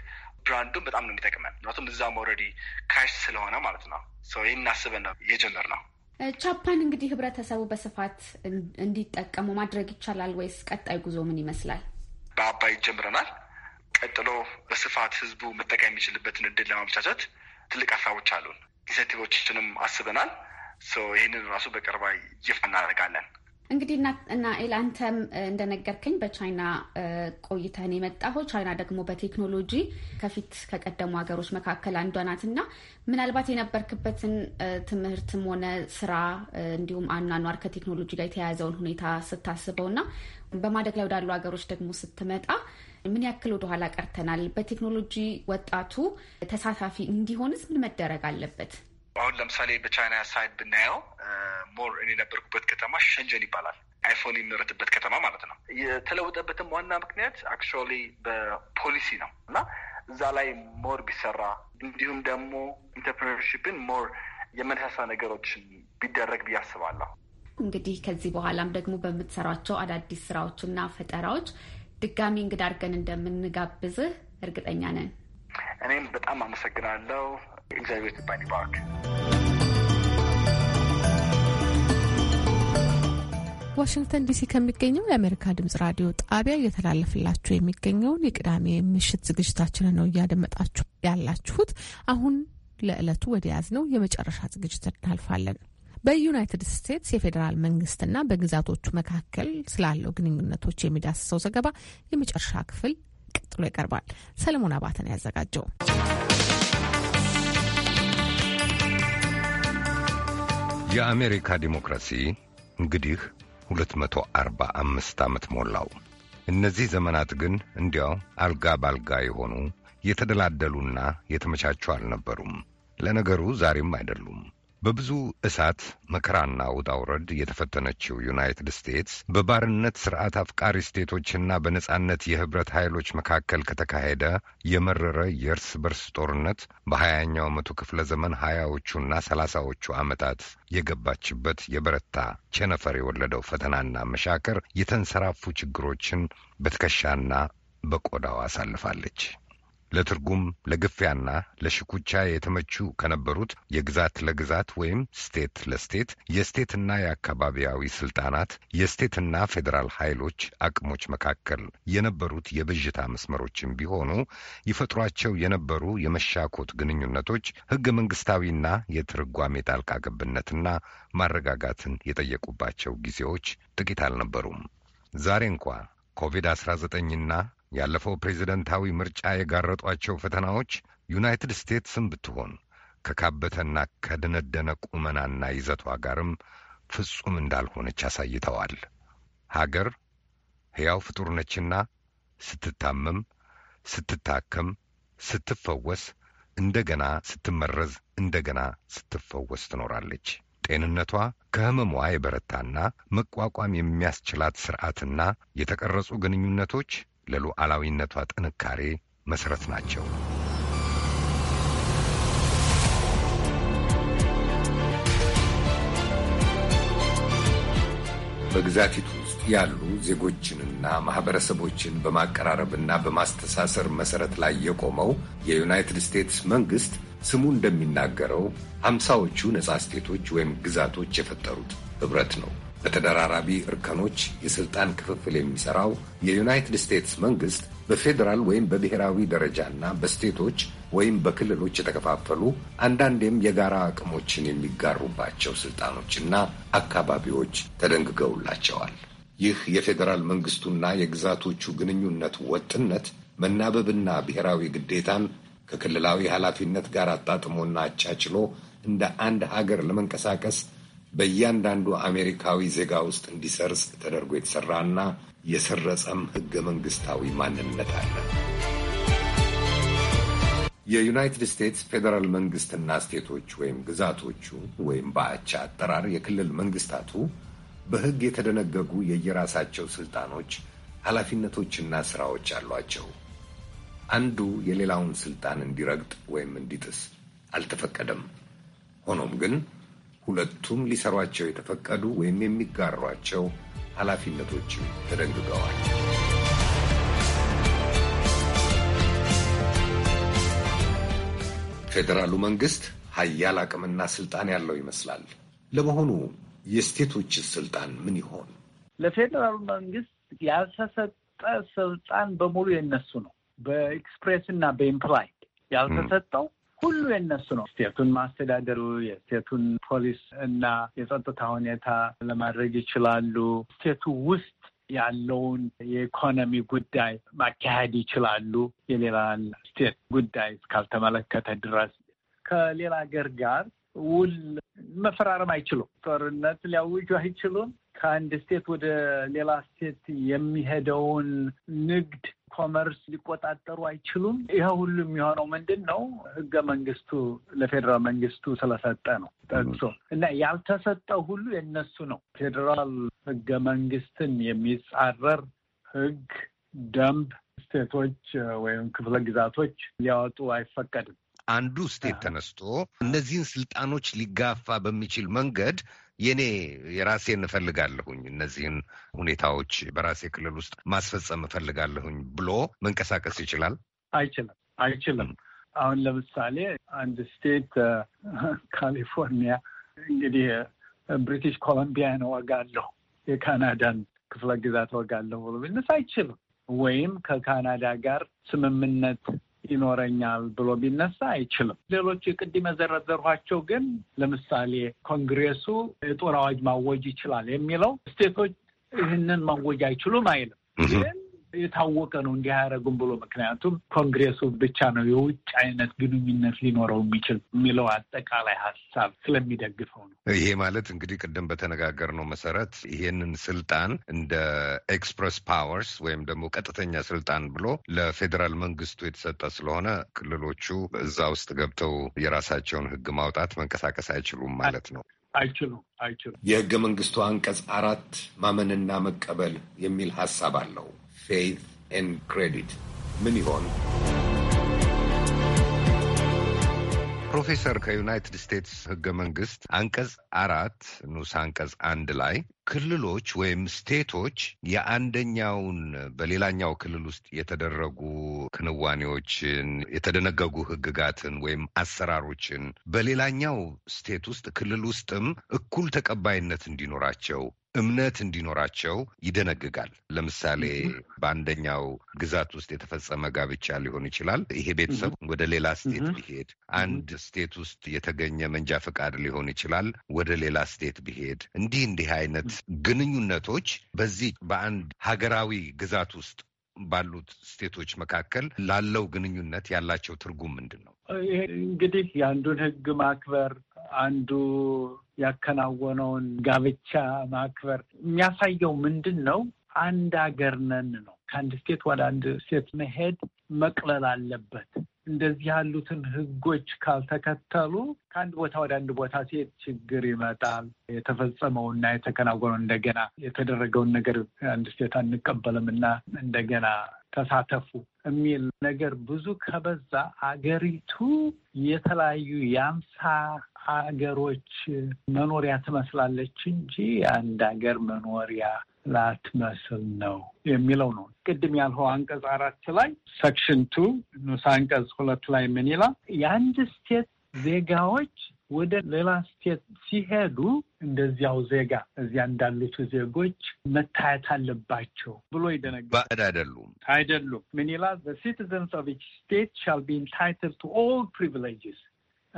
ብራንዱን በጣም ነው የሚጠቅመን። ምክንያቱም እዛም ኦልሬዲ ካሽ ስለሆነ ማለት ነው። ይህን አስበን ነው እየጀመር ነው ቻፓን እንግዲህ ህብረተሰቡ በስፋት እንዲጠቀሙ ማድረግ ይቻላል ወይስ ቀጣይ ጉዞ ምን ይመስላል? በአባይ ጀምረናል። ቀጥሎ በስፋት ህዝቡ መጠቀም የሚችልበትን እድል ለማመቻቸት ትልቅ ሀሳቦች አሉን። ኢንሴንቲቮችንም አስበናል። ይህንን ራሱ በቅርባ ይፋ እናደርጋለን። እንግዲህ እና ኤላንተም እንደነገርከኝ በቻይና ቆይተን የመጣሁ ቻይና ደግሞ በቴክኖሎጂ ከፊት ከቀደሙ ሀገሮች መካከል አንዷ ናት እና ምናልባት የነበርክበትን ትምህርትም ሆነ ስራ እንዲሁም አኗኗር ከቴክኖሎጂ ጋር የተያያዘውን ሁኔታ ስታስበው እና በማደግ ላይ ወዳሉ ሀገሮች ደግሞ ስትመጣ ምን ያክል ወደኋላ ቀርተናል? በቴክኖሎጂ ወጣቱ ተሳታፊ እንዲሆንስ ምን መደረግ አለበት? አሁን ለምሳሌ በቻይና ሳይድ ብናየው ሞር እኔ የነበርኩበት ከተማ ሸንጀን ይባላል። አይፎን የሚመረትበት ከተማ ማለት ነው። የተለወጠበትም ዋና ምክንያት አክቹዋሊ በፖሊሲ ነው እና እዛ ላይ ሞር ቢሰራ እንዲሁም ደግሞ ኢንተርፕሪነርሽፕን ሞር የመነሳሳ ነገሮችን ቢደረግ ብዬ አስባለሁ። እንግዲህ ከዚህ በኋላም ደግሞ በምትሰራቸው አዳዲስ ስራዎችና ፈጠራዎች ድጋሚ እንግዳ አድርገን እንደምንጋብዝህ እርግጠኛ ነን። እኔም በጣም አመሰግናለሁ። እግዚአብሔር ባክ ዋሽንግተን ዲሲ ከሚገኘው የአሜሪካ ድምጽ ራዲዮ ጣቢያ እየተላለፍላችሁ የሚገኘውን የቅዳሜ ምሽት ዝግጅታችንን ነው እያደመጣችሁ ያላችሁት። አሁን ለዕለቱ ወደ ያዝነው የመጨረሻ ዝግጅት እናልፋለን። በዩናይትድ ስቴትስ የፌዴራል መንግስትና በግዛቶቹ መካከል ስላለው ግንኙነቶች የሚዳስሰው ዘገባ የመጨረሻ ክፍል ቀጥሎ ይቀርባል። ሰለሞን አባተን ያዘጋጀው የአሜሪካ ዲሞክራሲ እንግዲህ 245 ዓመት ሞላው። እነዚህ ዘመናት ግን እንዲያው አልጋ ባልጋ የሆኑ የተደላደሉና የተመቻቹ አልነበሩም። ለነገሩ ዛሬም አይደሉም። በብዙ እሳት መከራና ውጣውረድ የተፈተነችው ዩናይትድ ስቴትስ በባርነት ስርዓት አፍቃሪ ስቴቶችና በነጻነት የህብረት ኃይሎች መካከል ከተካሄደ የመረረ የእርስ በርስ ጦርነት በሀያኛው መቶ ክፍለ ዘመን ሀያዎቹና ሰላሳዎቹ ዓመታት የገባችበት የበረታ ቸነፈር የወለደው ፈተናና መሻከር የተንሰራፉ ችግሮችን በትከሻና በቆዳዋ አሳልፋለች። ለትርጉም ለግፊያና ለሽኩቻ የተመቹ ከነበሩት የግዛት ለግዛት ወይም ስቴት ለስቴት የስቴትና የአካባቢያዊ ስልጣናት የስቴትና ፌዴራል ኃይሎች አቅሞች መካከል የነበሩት የብዥታ መስመሮችም ቢሆኑ ይፈጥሯቸው የነበሩ የመሻኮት ግንኙነቶች ሕገ መንግሥታዊና የትርጓሜ ጣልቃ ገብነትና ማረጋጋትን የጠየቁባቸው ጊዜዎች ጥቂት አልነበሩም። ዛሬ እንኳ ኮቪድ-19ና ያለፈው ፕሬዚደንታዊ ምርጫ የጋረጧቸው ፈተናዎች ዩናይትድ ስቴትስም ብትሆን ከካበተና ከደነደነ ቁመናና ይዘቷ ጋርም ፍጹም እንዳልሆነች አሳይተዋል። ሀገር ሕያው ፍጡር ነችና ስትታመም፣ ስትታከም፣ ስትፈወስ፣ እንደገና ስትመረዝ፣ እንደገና ስትፈወስ ትኖራለች። ጤንነቷ ከሕመሟ የበረታና መቋቋም የሚያስችላት ሥርዓትና የተቀረጹ ግንኙነቶች ለሉዓላዊነቷ ጥንካሬ መሠረት ናቸው። በግዛቲቱ ውስጥ ያሉ ዜጎችንና ማኅበረሰቦችን በማቀራረብና በማስተሳሰር መሠረት ላይ የቆመው የዩናይትድ ስቴትስ መንግሥት ስሙ እንደሚናገረው አምሳዎቹ ነጻ ስቴቶች ወይም ግዛቶች የፈጠሩት ኅብረት ነው። በተደራራቢ እርከኖች የስልጣን ክፍፍል የሚሰራው የዩናይትድ ስቴትስ መንግስት በፌዴራል ወይም በብሔራዊ ደረጃና በስቴቶች ወይም በክልሎች የተከፋፈሉ አንዳንዴም የጋራ አቅሞችን የሚጋሩባቸው ስልጣኖችና አካባቢዎች ተደንግገውላቸዋል። ይህ የፌዴራል መንግስቱና የግዛቶቹ ግንኙነት ወጥነት መናበብና ብሔራዊ ግዴታን ከክልላዊ ኃላፊነት ጋር አጣጥሞና አቻችሎ እንደ አንድ ሀገር ለመንቀሳቀስ በእያንዳንዱ አሜሪካዊ ዜጋ ውስጥ እንዲሰርጽ ተደርጎ የተሰራና የሰረጸም ህገ መንግስታዊ ማንነት አለ። የዩናይትድ ስቴትስ ፌዴራል መንግስትና ስቴቶች ወይም ግዛቶቹ ወይም በአቻ አጠራር የክልል መንግስታቱ በህግ የተደነገጉ የየራሳቸው ስልጣኖች፣ ኃላፊነቶችና ስራዎች አሏቸው። አንዱ የሌላውን ስልጣን እንዲረግጥ ወይም እንዲጥስ አልተፈቀደም። ሆኖም ግን ሁለቱም ሊሰሯቸው የተፈቀዱ ወይም የሚጋሯቸው ኃላፊነቶችም ተደንግገዋል። ፌዴራሉ መንግስት ሀያል አቅምና ስልጣን ያለው ይመስላል። ለመሆኑ የስቴቶች ስልጣን ምን ይሆን? ለፌዴራሉ መንግስት ያልተሰጠ ስልጣን በሙሉ የነሱ ነው። በኤክስፕሬስ እና በኢምፕላይድ ያልተሰጠው ሁሉ የነሱ ነው። ስቴቱን ማስተዳደሩ የስቴቱን ፖሊስ እና የጸጥታ ሁኔታ ለማድረግ ይችላሉ። ስቴቱ ውስጥ ያለውን የኢኮኖሚ ጉዳይ ማካሄድ ይችላሉ። የሌላን ስቴት ጉዳይ እስካልተመለከተ ድረስ ከሌላ ሀገር ጋር ውል መፈራረም አይችሉም። ጦርነት ሊያውጁ አይችሉም። ከአንድ ስቴት ወደ ሌላ ስቴት የሚሄደውን ንግድ ኮመርስ ሊቆጣጠሩ አይችሉም። ይኸው ሁሉ የሚሆነው ምንድን ነው? ህገ መንግስቱ ለፌዴራል መንግስቱ ስለሰጠ ነው ጠቅሶ እና ያልተሰጠው ሁሉ የነሱ ነው። ፌዴራል ህገ መንግስትን የሚጻረር ህግ፣ ደንብ ስቴቶች ወይም ክፍለ ግዛቶች ሊያወጡ አይፈቀድም። አንዱ ስቴት ተነስቶ እነዚህን ስልጣኖች ሊጋፋ በሚችል መንገድ የኔ የራሴ እንፈልጋለሁኝ እነዚህን ሁኔታዎች በራሴ ክልል ውስጥ ማስፈጸም እፈልጋለሁኝ ብሎ መንቀሳቀስ ይችላል? አይችልም፣ አይችልም። አሁን ለምሳሌ አንድ ስቴት ካሊፎርኒያ እንግዲህ ብሪቲሽ ኮሎምቢያን እወጋለሁ የካናዳን ክፍለ ግዛት እወጋለሁ ብሎ ቢነሳ አይችልም። ወይም ከካናዳ ጋር ስምምነት ይኖረኛል ብሎ ቢነሳ አይችልም። ሌሎቹ ቅድም የዘረዘርኋቸው ግን ለምሳሌ ኮንግሬሱ የጦር አዋጅ ማወጅ ይችላል የሚለው ስቴቶች ይህንን ማወጅ አይችሉም አይልም ግን የታወቀ ነው እንዲህ ያደረጉም ብሎ ምክንያቱም ኮንግሬሱ ብቻ ነው የውጭ አይነት ግንኙነት ሊኖረው የሚችል የሚለው አጠቃላይ ሀሳብ ስለሚደግፈው ነው። ይሄ ማለት እንግዲህ ቅድም በተነጋገርነው መሰረት ይሄንን ስልጣን እንደ ኤክስፕረስ ፓወርስ ወይም ደግሞ ቀጥተኛ ስልጣን ብሎ ለፌዴራል መንግስቱ የተሰጠ ስለሆነ ክልሎቹ እዛ ውስጥ ገብተው የራሳቸውን ህግ ማውጣት መንቀሳቀስ አይችሉም ማለት ነው። አይችሉም አይችሉም። የህገ መንግስቱ አንቀጽ አራት ማመንና መቀበል የሚል ሀሳብ አለው። ፌይዝ ኤን ክሬዲት ምን ይሆን? ፕሮፌሰር ከዩናይትድ ስቴትስ ህገ መንግስት አንቀጽ አራት ንዑስ አንቀጽ አንድ ላይ ክልሎች ወይም ስቴቶች የአንደኛውን በሌላኛው ክልል ውስጥ የተደረጉ ክንዋኔዎችን፣ የተደነገጉ ህግጋትን ወይም አሰራሮችን በሌላኛው ስቴት ውስጥ ክልል ውስጥም እኩል ተቀባይነት እንዲኖራቸው እምነት እንዲኖራቸው ይደነግጋል። ለምሳሌ በአንደኛው ግዛት ውስጥ የተፈጸመ ጋብቻ ሊሆን ይችላል። ይሄ ቤተሰብ ወደ ሌላ ስቴት ቢሄድ፣ አንድ ስቴት ውስጥ የተገኘ መንጃ ፈቃድ ሊሆን ይችላል ወደ ሌላ ስቴት ቢሄድ፣ እንዲህ እንዲህ አይነት ግንኙነቶች በዚህ በአንድ ሀገራዊ ግዛት ውስጥ ባሉት ስቴቶች መካከል ላለው ግንኙነት ያላቸው ትርጉም ምንድን ነው? ይሄ እንግዲህ የአንዱን ህግ ማክበር አንዱ ያከናወነውን ጋብቻ ማክበር የሚያሳየው ምንድን ነው? አንድ ሀገር ነን ነው። ከአንድ ስቴት ወደ አንድ ስቴት መሄድ መቅለል አለበት። እንደዚህ ያሉትን ህጎች ካልተከተሉ ከአንድ ቦታ ወደ አንድ ቦታ ሲሄድ ችግር ይመጣል። የተፈጸመውና የተከናወነው እንደገና የተደረገውን ነገር አንድ ሴት አንቀበልም እና እንደገና ተሳተፉ የሚል ነገር ብዙ ከበዛ አገሪቱ የተለያዩ የአምሳ አገሮች መኖሪያ ትመስላለች እንጂ አንድ አገር መኖሪያ ላትመስል ነው የሚለው ነው። ቅድም ያልኸው አንቀጽ አራት ላይ ሰክሽን ቱ ንዑስ አንቀጽ ሁለት ላይ ምን ይላል? የአንድ ስቴት ዜጋዎች ወደ ሌላ ስቴት ሲሄዱ እንደዚያው ዜጋ እዚያ እንዳሉት ዜጎች መታየት አለባቸው ብሎ ይደነግጋል። ባዕድ አይደሉም አይደሉም። ምን ይላል? ሲቲዘንስ ኦፍ ኢች ስቴት ሻል ቢ ኢንታይትል ቱ ኦል ፕሪቪሌጅስ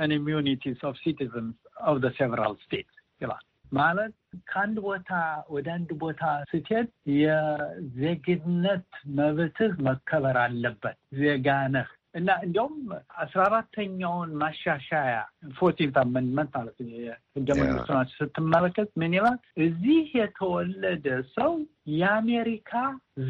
ኤንድ ኢሚዩኒቲስ ኦፍ ሲቲዘንስ ኦፍ ዘ ሴቨራል ስቴት ይላል። ማለት ከአንድ ቦታ ወደ አንድ ቦታ ስትሄድ የዜግነት መብትህ መከበር አለበት። ዜጋ ነህ እና እንዲያውም አስራ አራተኛውን ማሻሻያ ፎርቲንት አመንድመንት ማለት ህገ መንግስቱን ስትመለከት ምን ይላል? እዚህ የተወለደ ሰው የአሜሪካ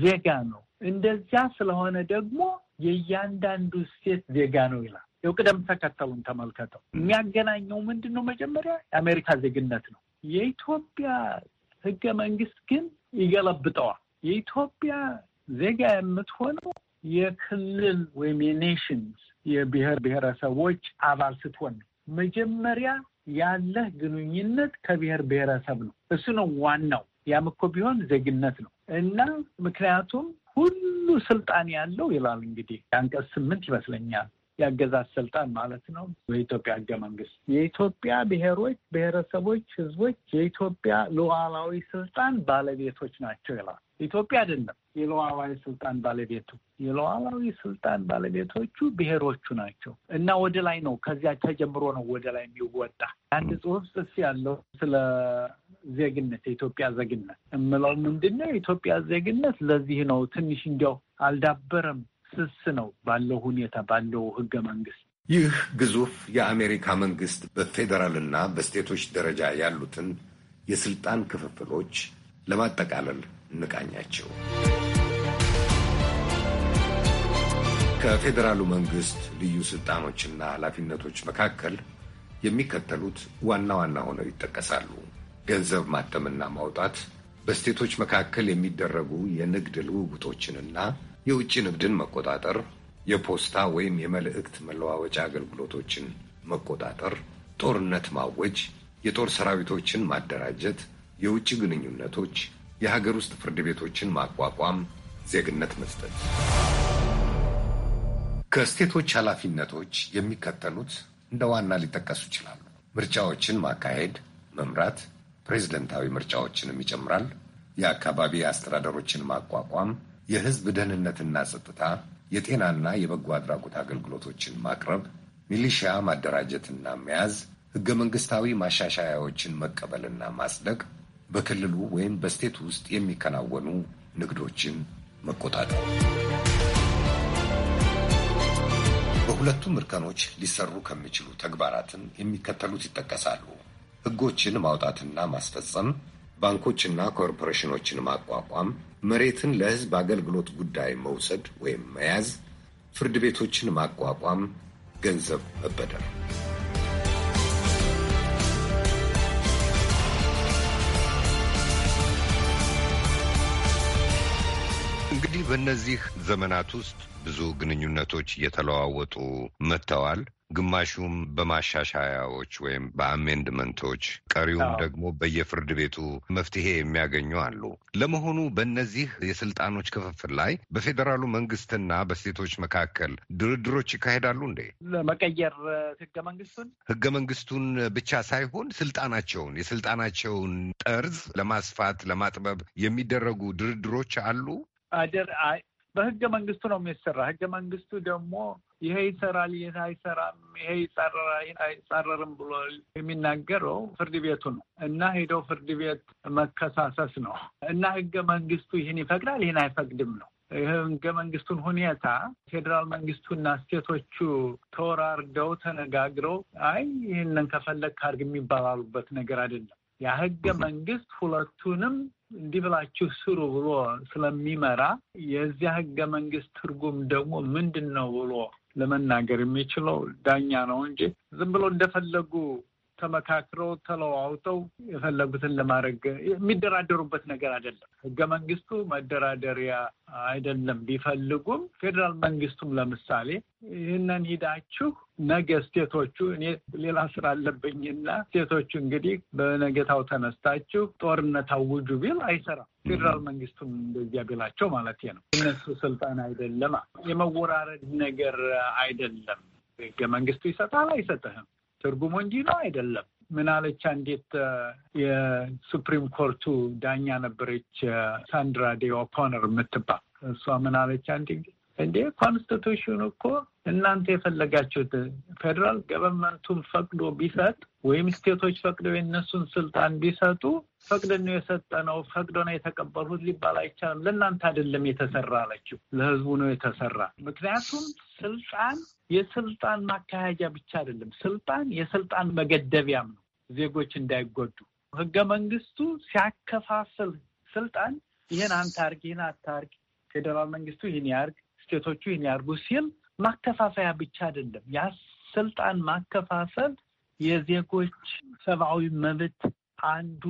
ዜጋ ነው፣ እንደዚያ ስለሆነ ደግሞ የእያንዳንዱ ስቴት ዜጋ ነው ይላል። ያው ቅደም ተከተሉን ተመልከተው። የሚያገናኘው ምንድን ነው? መጀመሪያ የአሜሪካ ዜግነት ነው። የኢትዮጵያ ህገ መንግስት ግን ይገለብጠዋል። የኢትዮጵያ ዜጋ የምትሆነው የክልል ወይም የኔሽንስ የብሔር ብሔረሰቦች አባል ስትሆን ነው። መጀመሪያ ያለህ ግንኙነት ከብሔር ብሔረሰብ ነው። እሱ ነው ዋናው። ያም እኮ ቢሆን ዜግነት ነው እና ምክንያቱም ሁሉ ስልጣን ያለው ይላል እንግዲህ አንቀጽ ስምንት ይመስለኛል የአገዛዝ ስልጣን ማለት ነው። በኢትዮጵያ ህገ መንግስት የኢትዮጵያ ብሔሮች፣ ብሔረሰቦች፣ ህዝቦች የኢትዮጵያ ሉዓላዊ ስልጣን ባለቤቶች ናቸው ይላል። ኢትዮጵያ አይደለም የሉዓላዊ ስልጣን ባለቤቱ። የሉዓላዊ ስልጣን ባለቤቶቹ ብሔሮቹ ናቸው እና ወደ ላይ ነው፣ ከዚያ ተጀምሮ ነው ወደ ላይ የሚወጣ። አንድ ጽሑፍ ጽፌ ያለው ስለ ዜግነት፣ የኢትዮጵያ ዜግነት እምለው ምንድን ነው? የኢትዮጵያ ዜግነት ለዚህ ነው ትንሽ እንዲያው አልዳበረም፣ ስስ ነው ባለው ሁኔታ ባለው ህገ መንግስት ይህ ግዙፍ የአሜሪካ መንግስት በፌዴራልና በስቴቶች ደረጃ ያሉትን የስልጣን ክፍፍሎች ለማጠቃለል እንቃኛቸው። ከፌዴራሉ መንግስት ልዩ ስልጣኖችና ኃላፊነቶች መካከል የሚከተሉት ዋና ዋና ሆነው ይጠቀሳሉ። ገንዘብ ማተምና ማውጣት፣ በስቴቶች መካከል የሚደረጉ የንግድ ልውውጦችንና የውጭ ንግድን መቆጣጠር፣ የፖስታ ወይም የመልእክት መለዋወጫ አገልግሎቶችን መቆጣጠር፣ ጦርነት ማወጅ፣ የጦር ሰራዊቶችን ማደራጀት፣ የውጭ ግንኙነቶች፣ የሀገር ውስጥ ፍርድ ቤቶችን ማቋቋም፣ ዜግነት መስጠት። ከስቴቶች ኃላፊነቶች የሚከተሉት እንደ ዋና ሊጠቀሱ ይችላሉ። ምርጫዎችን ማካሄድ፣ መምራት፣ ፕሬዝደንታዊ ምርጫዎችንም ይጨምራል። የአካባቢ አስተዳደሮችን ማቋቋም፣ የህዝብ ደህንነትና ጸጥታ፣ የጤናና የበጎ አድራጎት አገልግሎቶችን ማቅረብ፣ ሚሊሺያ ማደራጀትና መያዝ፣ ህገ መንግስታዊ ማሻሻያዎችን መቀበልና ማጽደቅ በክልሉ ወይም በስቴት ውስጥ የሚከናወኑ ንግዶችን መቆጣጠር። በሁለቱም እርከኖች ሊሰሩ ከሚችሉ ተግባራትም የሚከተሉት ይጠቀሳሉ። ሕጎችን ማውጣትና ማስፈጸም፣ ባንኮችና ኮርፖሬሽኖችን ማቋቋም፣ መሬትን ለሕዝብ አገልግሎት ጉዳይ መውሰድ ወይም መያዝ፣ ፍርድ ቤቶችን ማቋቋም፣ ገንዘብ መበደር። በእነዚህ ዘመናት ውስጥ ብዙ ግንኙነቶች እየተለዋወጡ መጥተዋል። ግማሹም በማሻሻያዎች ወይም በአሜንድመንቶች፣ ቀሪውም ደግሞ በየፍርድ ቤቱ መፍትሄ የሚያገኙ አሉ። ለመሆኑ በእነዚህ የስልጣኖች ክፍፍል ላይ በፌዴራሉ መንግስትና በስቴቶች መካከል ድርድሮች ይካሄዳሉ እንዴ? ለመቀየር ህገ መንግስቱን ህገ መንግስቱን ብቻ ሳይሆን ስልጣናቸውን የስልጣናቸውን ጠርዝ ለማስፋት ለማጥበብ የሚደረጉ ድርድሮች አሉ። አደር በህገ መንግስቱ ነው የሚሰራ። ህገ መንግስቱ ደግሞ ይሄ ይሰራል፣ ይሄ አይሰራም፣ ይሄ ይጻረራል፣ ይህ አይጻረርም ብሎ የሚናገረው ፍርድ ቤቱ ነው እና ሄደው ፍርድ ቤት መከሳሰስ ነው እና ህገ መንግስቱ ይህን ይፈቅዳል፣ ይህን አይፈቅድም ነው። ህገ መንግስቱን ሁኔታ ፌዴራል መንግስቱና ስቴቶቹ ተወራርደው ተነጋግረው አይ ይህንን ከፈለግ ካርግ የሚባባሉበት ነገር አይደለም። የህገ መንግስት ሁለቱንም እንዲህ ብላችሁ ስሩ ብሎ ስለሚመራ የዚያ ህገ መንግስት ትርጉም ደግሞ ምንድን ነው ብሎ ለመናገር የሚችለው ዳኛ ነው እንጂ ዝም ብሎ እንደፈለጉ ተመካክረው ተለዋውጠው የፈለጉትን ለማድረግ የሚደራደሩበት ነገር አይደለም። ህገ መንግስቱ መደራደሪያ አይደለም። ቢፈልጉም ፌዴራል መንግስቱም ለምሳሌ ይህንን ሂዳችሁ ነገ ስቴቶቹ እኔ ሌላ ስራ አለብኝና ስቴቶቹ እንግዲህ በነገታው ተነስታችሁ ጦርነት አውጁ ቢል አይሰራም። ፌዴራል መንግስቱም እንደዚያ ቢላቸው ማለት ነው። እነሱ ስልጣን አይደለም፣ የመወራረድ ነገር አይደለም። ህገ መንግስቱ ይሰጣል አይሰጥህም ትርጉሙ እንዲህ ነው አይደለም። ምናለች አንዴት የሱፕሪም ኮርቱ ዳኛ ነበረች ሳንድራ ዴ ኦኮነር የምትባል እሷ ምናለቻ አንዴ እንዴ ኮንስቲቱሽን እኮ እናንተ የፈለጋችሁት ፌዴራል ገቨርንመንቱን ፈቅዶ ቢሰጥ ወይም ስቴቶች ፈቅደው የነሱን ስልጣን ቢሰጡ ፈቅደን ነው የሰጠነው ፈቅዶ ነው የተቀበልሁት ሊባል አይቻልም። ለእናንተ አይደለም የተሰራ አለችው፣ ለህዝቡ ነው የተሰራ። ምክንያቱም ስልጣን የስልጣን ማካሄጃ ብቻ አይደለም፣ ስልጣን የስልጣን መገደቢያም ነው። ዜጎች እንዳይጎዱ ህገ መንግስቱ ሲያከፋፍል ስልጣን ይህን አንተ አርግ፣ ይህን አታርግ፣ ፌዴራል መንግስቱ ይህን ያርግ ስቴቶቹ ይህን ያርጉ ሲል ማከፋፈያ ብቻ አይደለም። ያ ስልጣን ማከፋፈል የዜጎች ሰብአዊ መብት አንዱ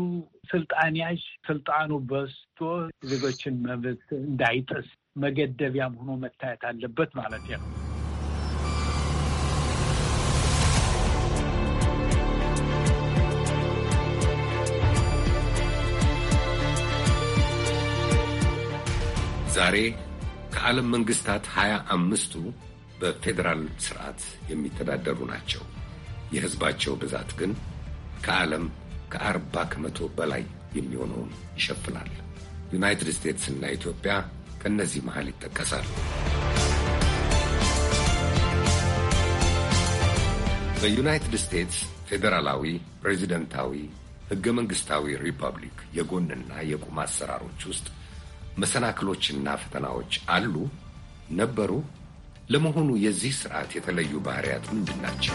ስልጣን ያዥ ስልጣኑ በስቶ ዜጎችን መብት እንዳይጥስ መገደቢያም ሆኖ መታየት አለበት ማለት ነው። ዛሬ ከዓለም መንግስታት ሀያ አምስቱ በፌዴራል ስርዓት የሚተዳደሩ ናቸው። የህዝባቸው ብዛት ግን ከዓለም ከአርባ ከመቶ በላይ የሚሆነውን ይሸፍናል። ዩናይትድ ስቴትስ እና ኢትዮጵያ ከእነዚህ መሃል ይጠቀሳሉ። በዩናይትድ ስቴትስ ፌዴራላዊ ፕሬዚደንታዊ ሕገ መንግሥታዊ ሪፐብሊክ የጎንና የቁም አሰራሮች ውስጥ መሰናክሎችና ፈተናዎች አሉ ነበሩ? ለመሆኑ የዚህ ስርዓት የተለዩ ባህሪያት ምንድን ናቸው?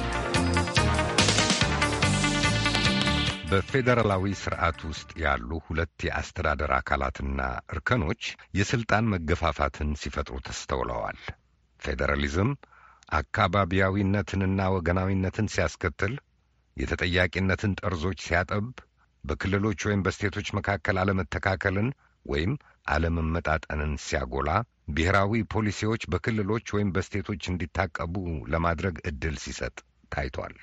በፌዴራላዊ ስርዓት ውስጥ ያሉ ሁለት የአስተዳደር አካላትና እርከኖች የሥልጣን መገፋፋትን ሲፈጥሩ ተስተውለዋል። ፌዴራሊዝም አካባቢያዊነትንና ወገናዊነትን ሲያስከትል፣ የተጠያቂነትን ጠርዞች ሲያጠብ፣ በክልሎች ወይም በስቴቶች መካከል አለመተካከልን ወይም አለመመጣጠንን ሲያጎላ ብሔራዊ ፖሊሲዎች በክልሎች ወይም በስቴቶች እንዲታቀቡ ለማድረግ ዕድል ሲሰጥ ታይቷል።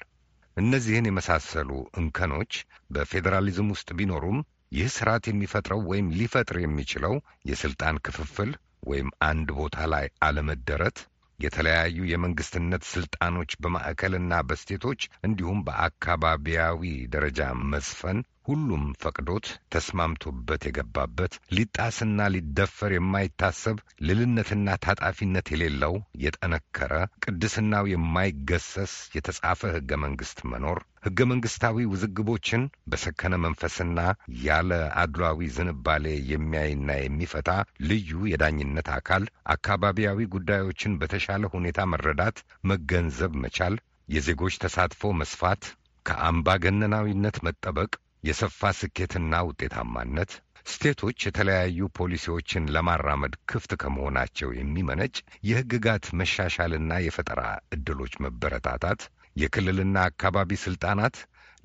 እነዚህን የመሳሰሉ እንከኖች በፌዴራሊዝም ውስጥ ቢኖሩም ይህ ስርዓት የሚፈጥረው ወይም ሊፈጥር የሚችለው የሥልጣን ክፍፍል ወይም አንድ ቦታ ላይ አለመደረት፣ የተለያዩ የመንግሥትነት ሥልጣኖች በማዕከልና በስቴቶች እንዲሁም በአካባቢያዊ ደረጃ መስፈን ሁሉም ፈቅዶት ተስማምቶበት የገባበት ሊጣስና ሊደፈር የማይታሰብ ልልነትና ታጣፊነት የሌለው የጠነከረ ቅድስናው የማይገሰስ የተጻፈ ሕገ መንግሥት መኖር ሕገ መንግሥታዊ ውዝግቦችን በሰከነ መንፈስና ያለ አድሏዊ ዝንባሌ የሚያይና የሚፈታ ልዩ የዳኝነት አካል፣ አካባቢያዊ ጉዳዮችን በተሻለ ሁኔታ መረዳት፣ መገንዘብ መቻል፣ የዜጎች ተሳትፎ መስፋት፣ ከአምባገነናዊነት መጠበቅ የሰፋ ስኬትና ውጤታማነት ስቴቶች የተለያዩ ፖሊሲዎችን ለማራመድ ክፍት ከመሆናቸው የሚመነጭ የሕግጋት መሻሻልና የፈጠራ ዕድሎች መበረታታት፣ የክልልና አካባቢ ሥልጣናት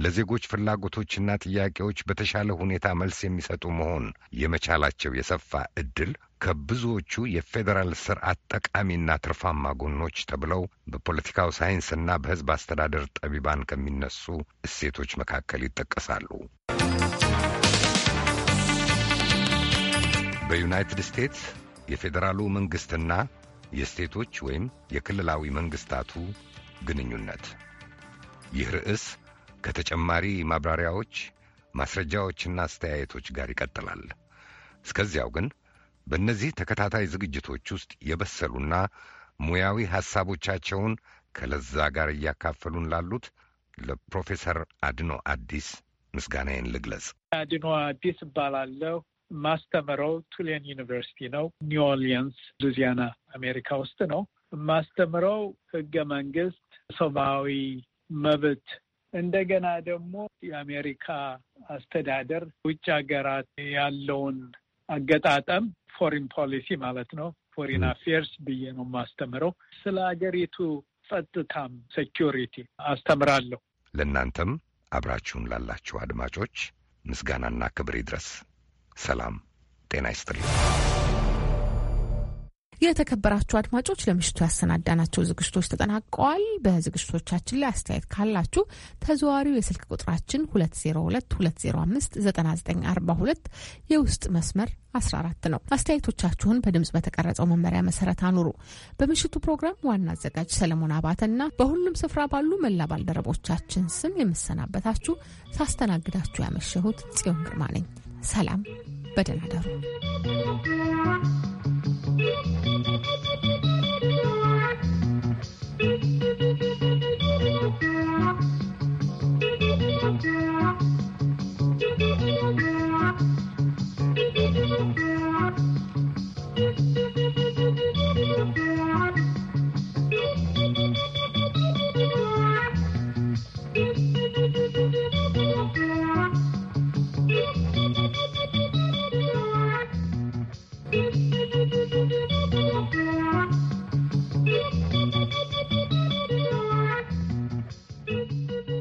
ለዜጎች ፍላጎቶችና ጥያቄዎች በተሻለ ሁኔታ መልስ የሚሰጡ መሆን የመቻላቸው የሰፋ ዕድል ከብዙዎቹ የፌዴራል ስርዓት ጠቃሚና ትርፋማ ጎኖች ተብለው በፖለቲካው ሳይንስና በሕዝብ አስተዳደር ጠቢባን ከሚነሱ እሴቶች መካከል ይጠቀሳሉ። በዩናይትድ ስቴትስ የፌዴራሉ መንግሥትና የስቴቶች ወይም የክልላዊ መንግሥታቱ ግንኙነት ይህ ርዕስ ከተጨማሪ ማብራሪያዎች ማስረጃዎችና አስተያየቶች ጋር ይቀጥላል። እስከዚያው ግን በእነዚህ ተከታታይ ዝግጅቶች ውስጥ የበሰሉና ሙያዊ ሐሳቦቻቸውን ከለዛ ጋር እያካፈሉን ላሉት ለፕሮፌሰር አድኖ አዲስ ምስጋናዬን ልግለጽ። አድኖ አዲስ እባላለሁ። ማስተምረው ቱሌን ዩኒቨርሲቲ ነው። ኒው ኦርሊንስ ሉዚያና አሜሪካ ውስጥ ነው ማስተምረው። ህገ መንግስት፣ ሰብአዊ መብት እንደገና ደግሞ የአሜሪካ አስተዳደር ውጭ ሀገራት ያለውን አገጣጠም ፎሪን ፖሊሲ ማለት ነው። ፎሪን አፌርስ ብዬ ነው የማስተምረው። ስለ ሀገሪቱ ጸጥታም ሴኪሪቲ አስተምራለሁ። ለእናንተም አብራችሁን ላላችሁ አድማጮች ምስጋናና ክብር ይድረስ። ሰላም ጤና ይስጥልኝ። የተከበራችሁ አድማጮች ለምሽቱ ያሰናዳናቸው ዝግጅቶች ተጠናቀዋል። በዝግጅቶቻችን ላይ አስተያየት ካላችሁ ተዘዋሪው የስልክ ቁጥራችን 2022059942 የውስጥ መስመር 14 ነው። አስተያየቶቻችሁን በድምጽ በተቀረጸው መመሪያ መሰረት አኑሩ። በምሽቱ ፕሮግራም ዋና አዘጋጅ ሰለሞን አባተና በሁሉም ስፍራ ባሉ መላ ባልደረቦቻችን ስም የምሰናበታችሁ ሳስተናግዳችሁ ያመሸሁት ጽዮን ግርማ ነኝ። ሰላም፣ በደህና ደሩ። Ireland.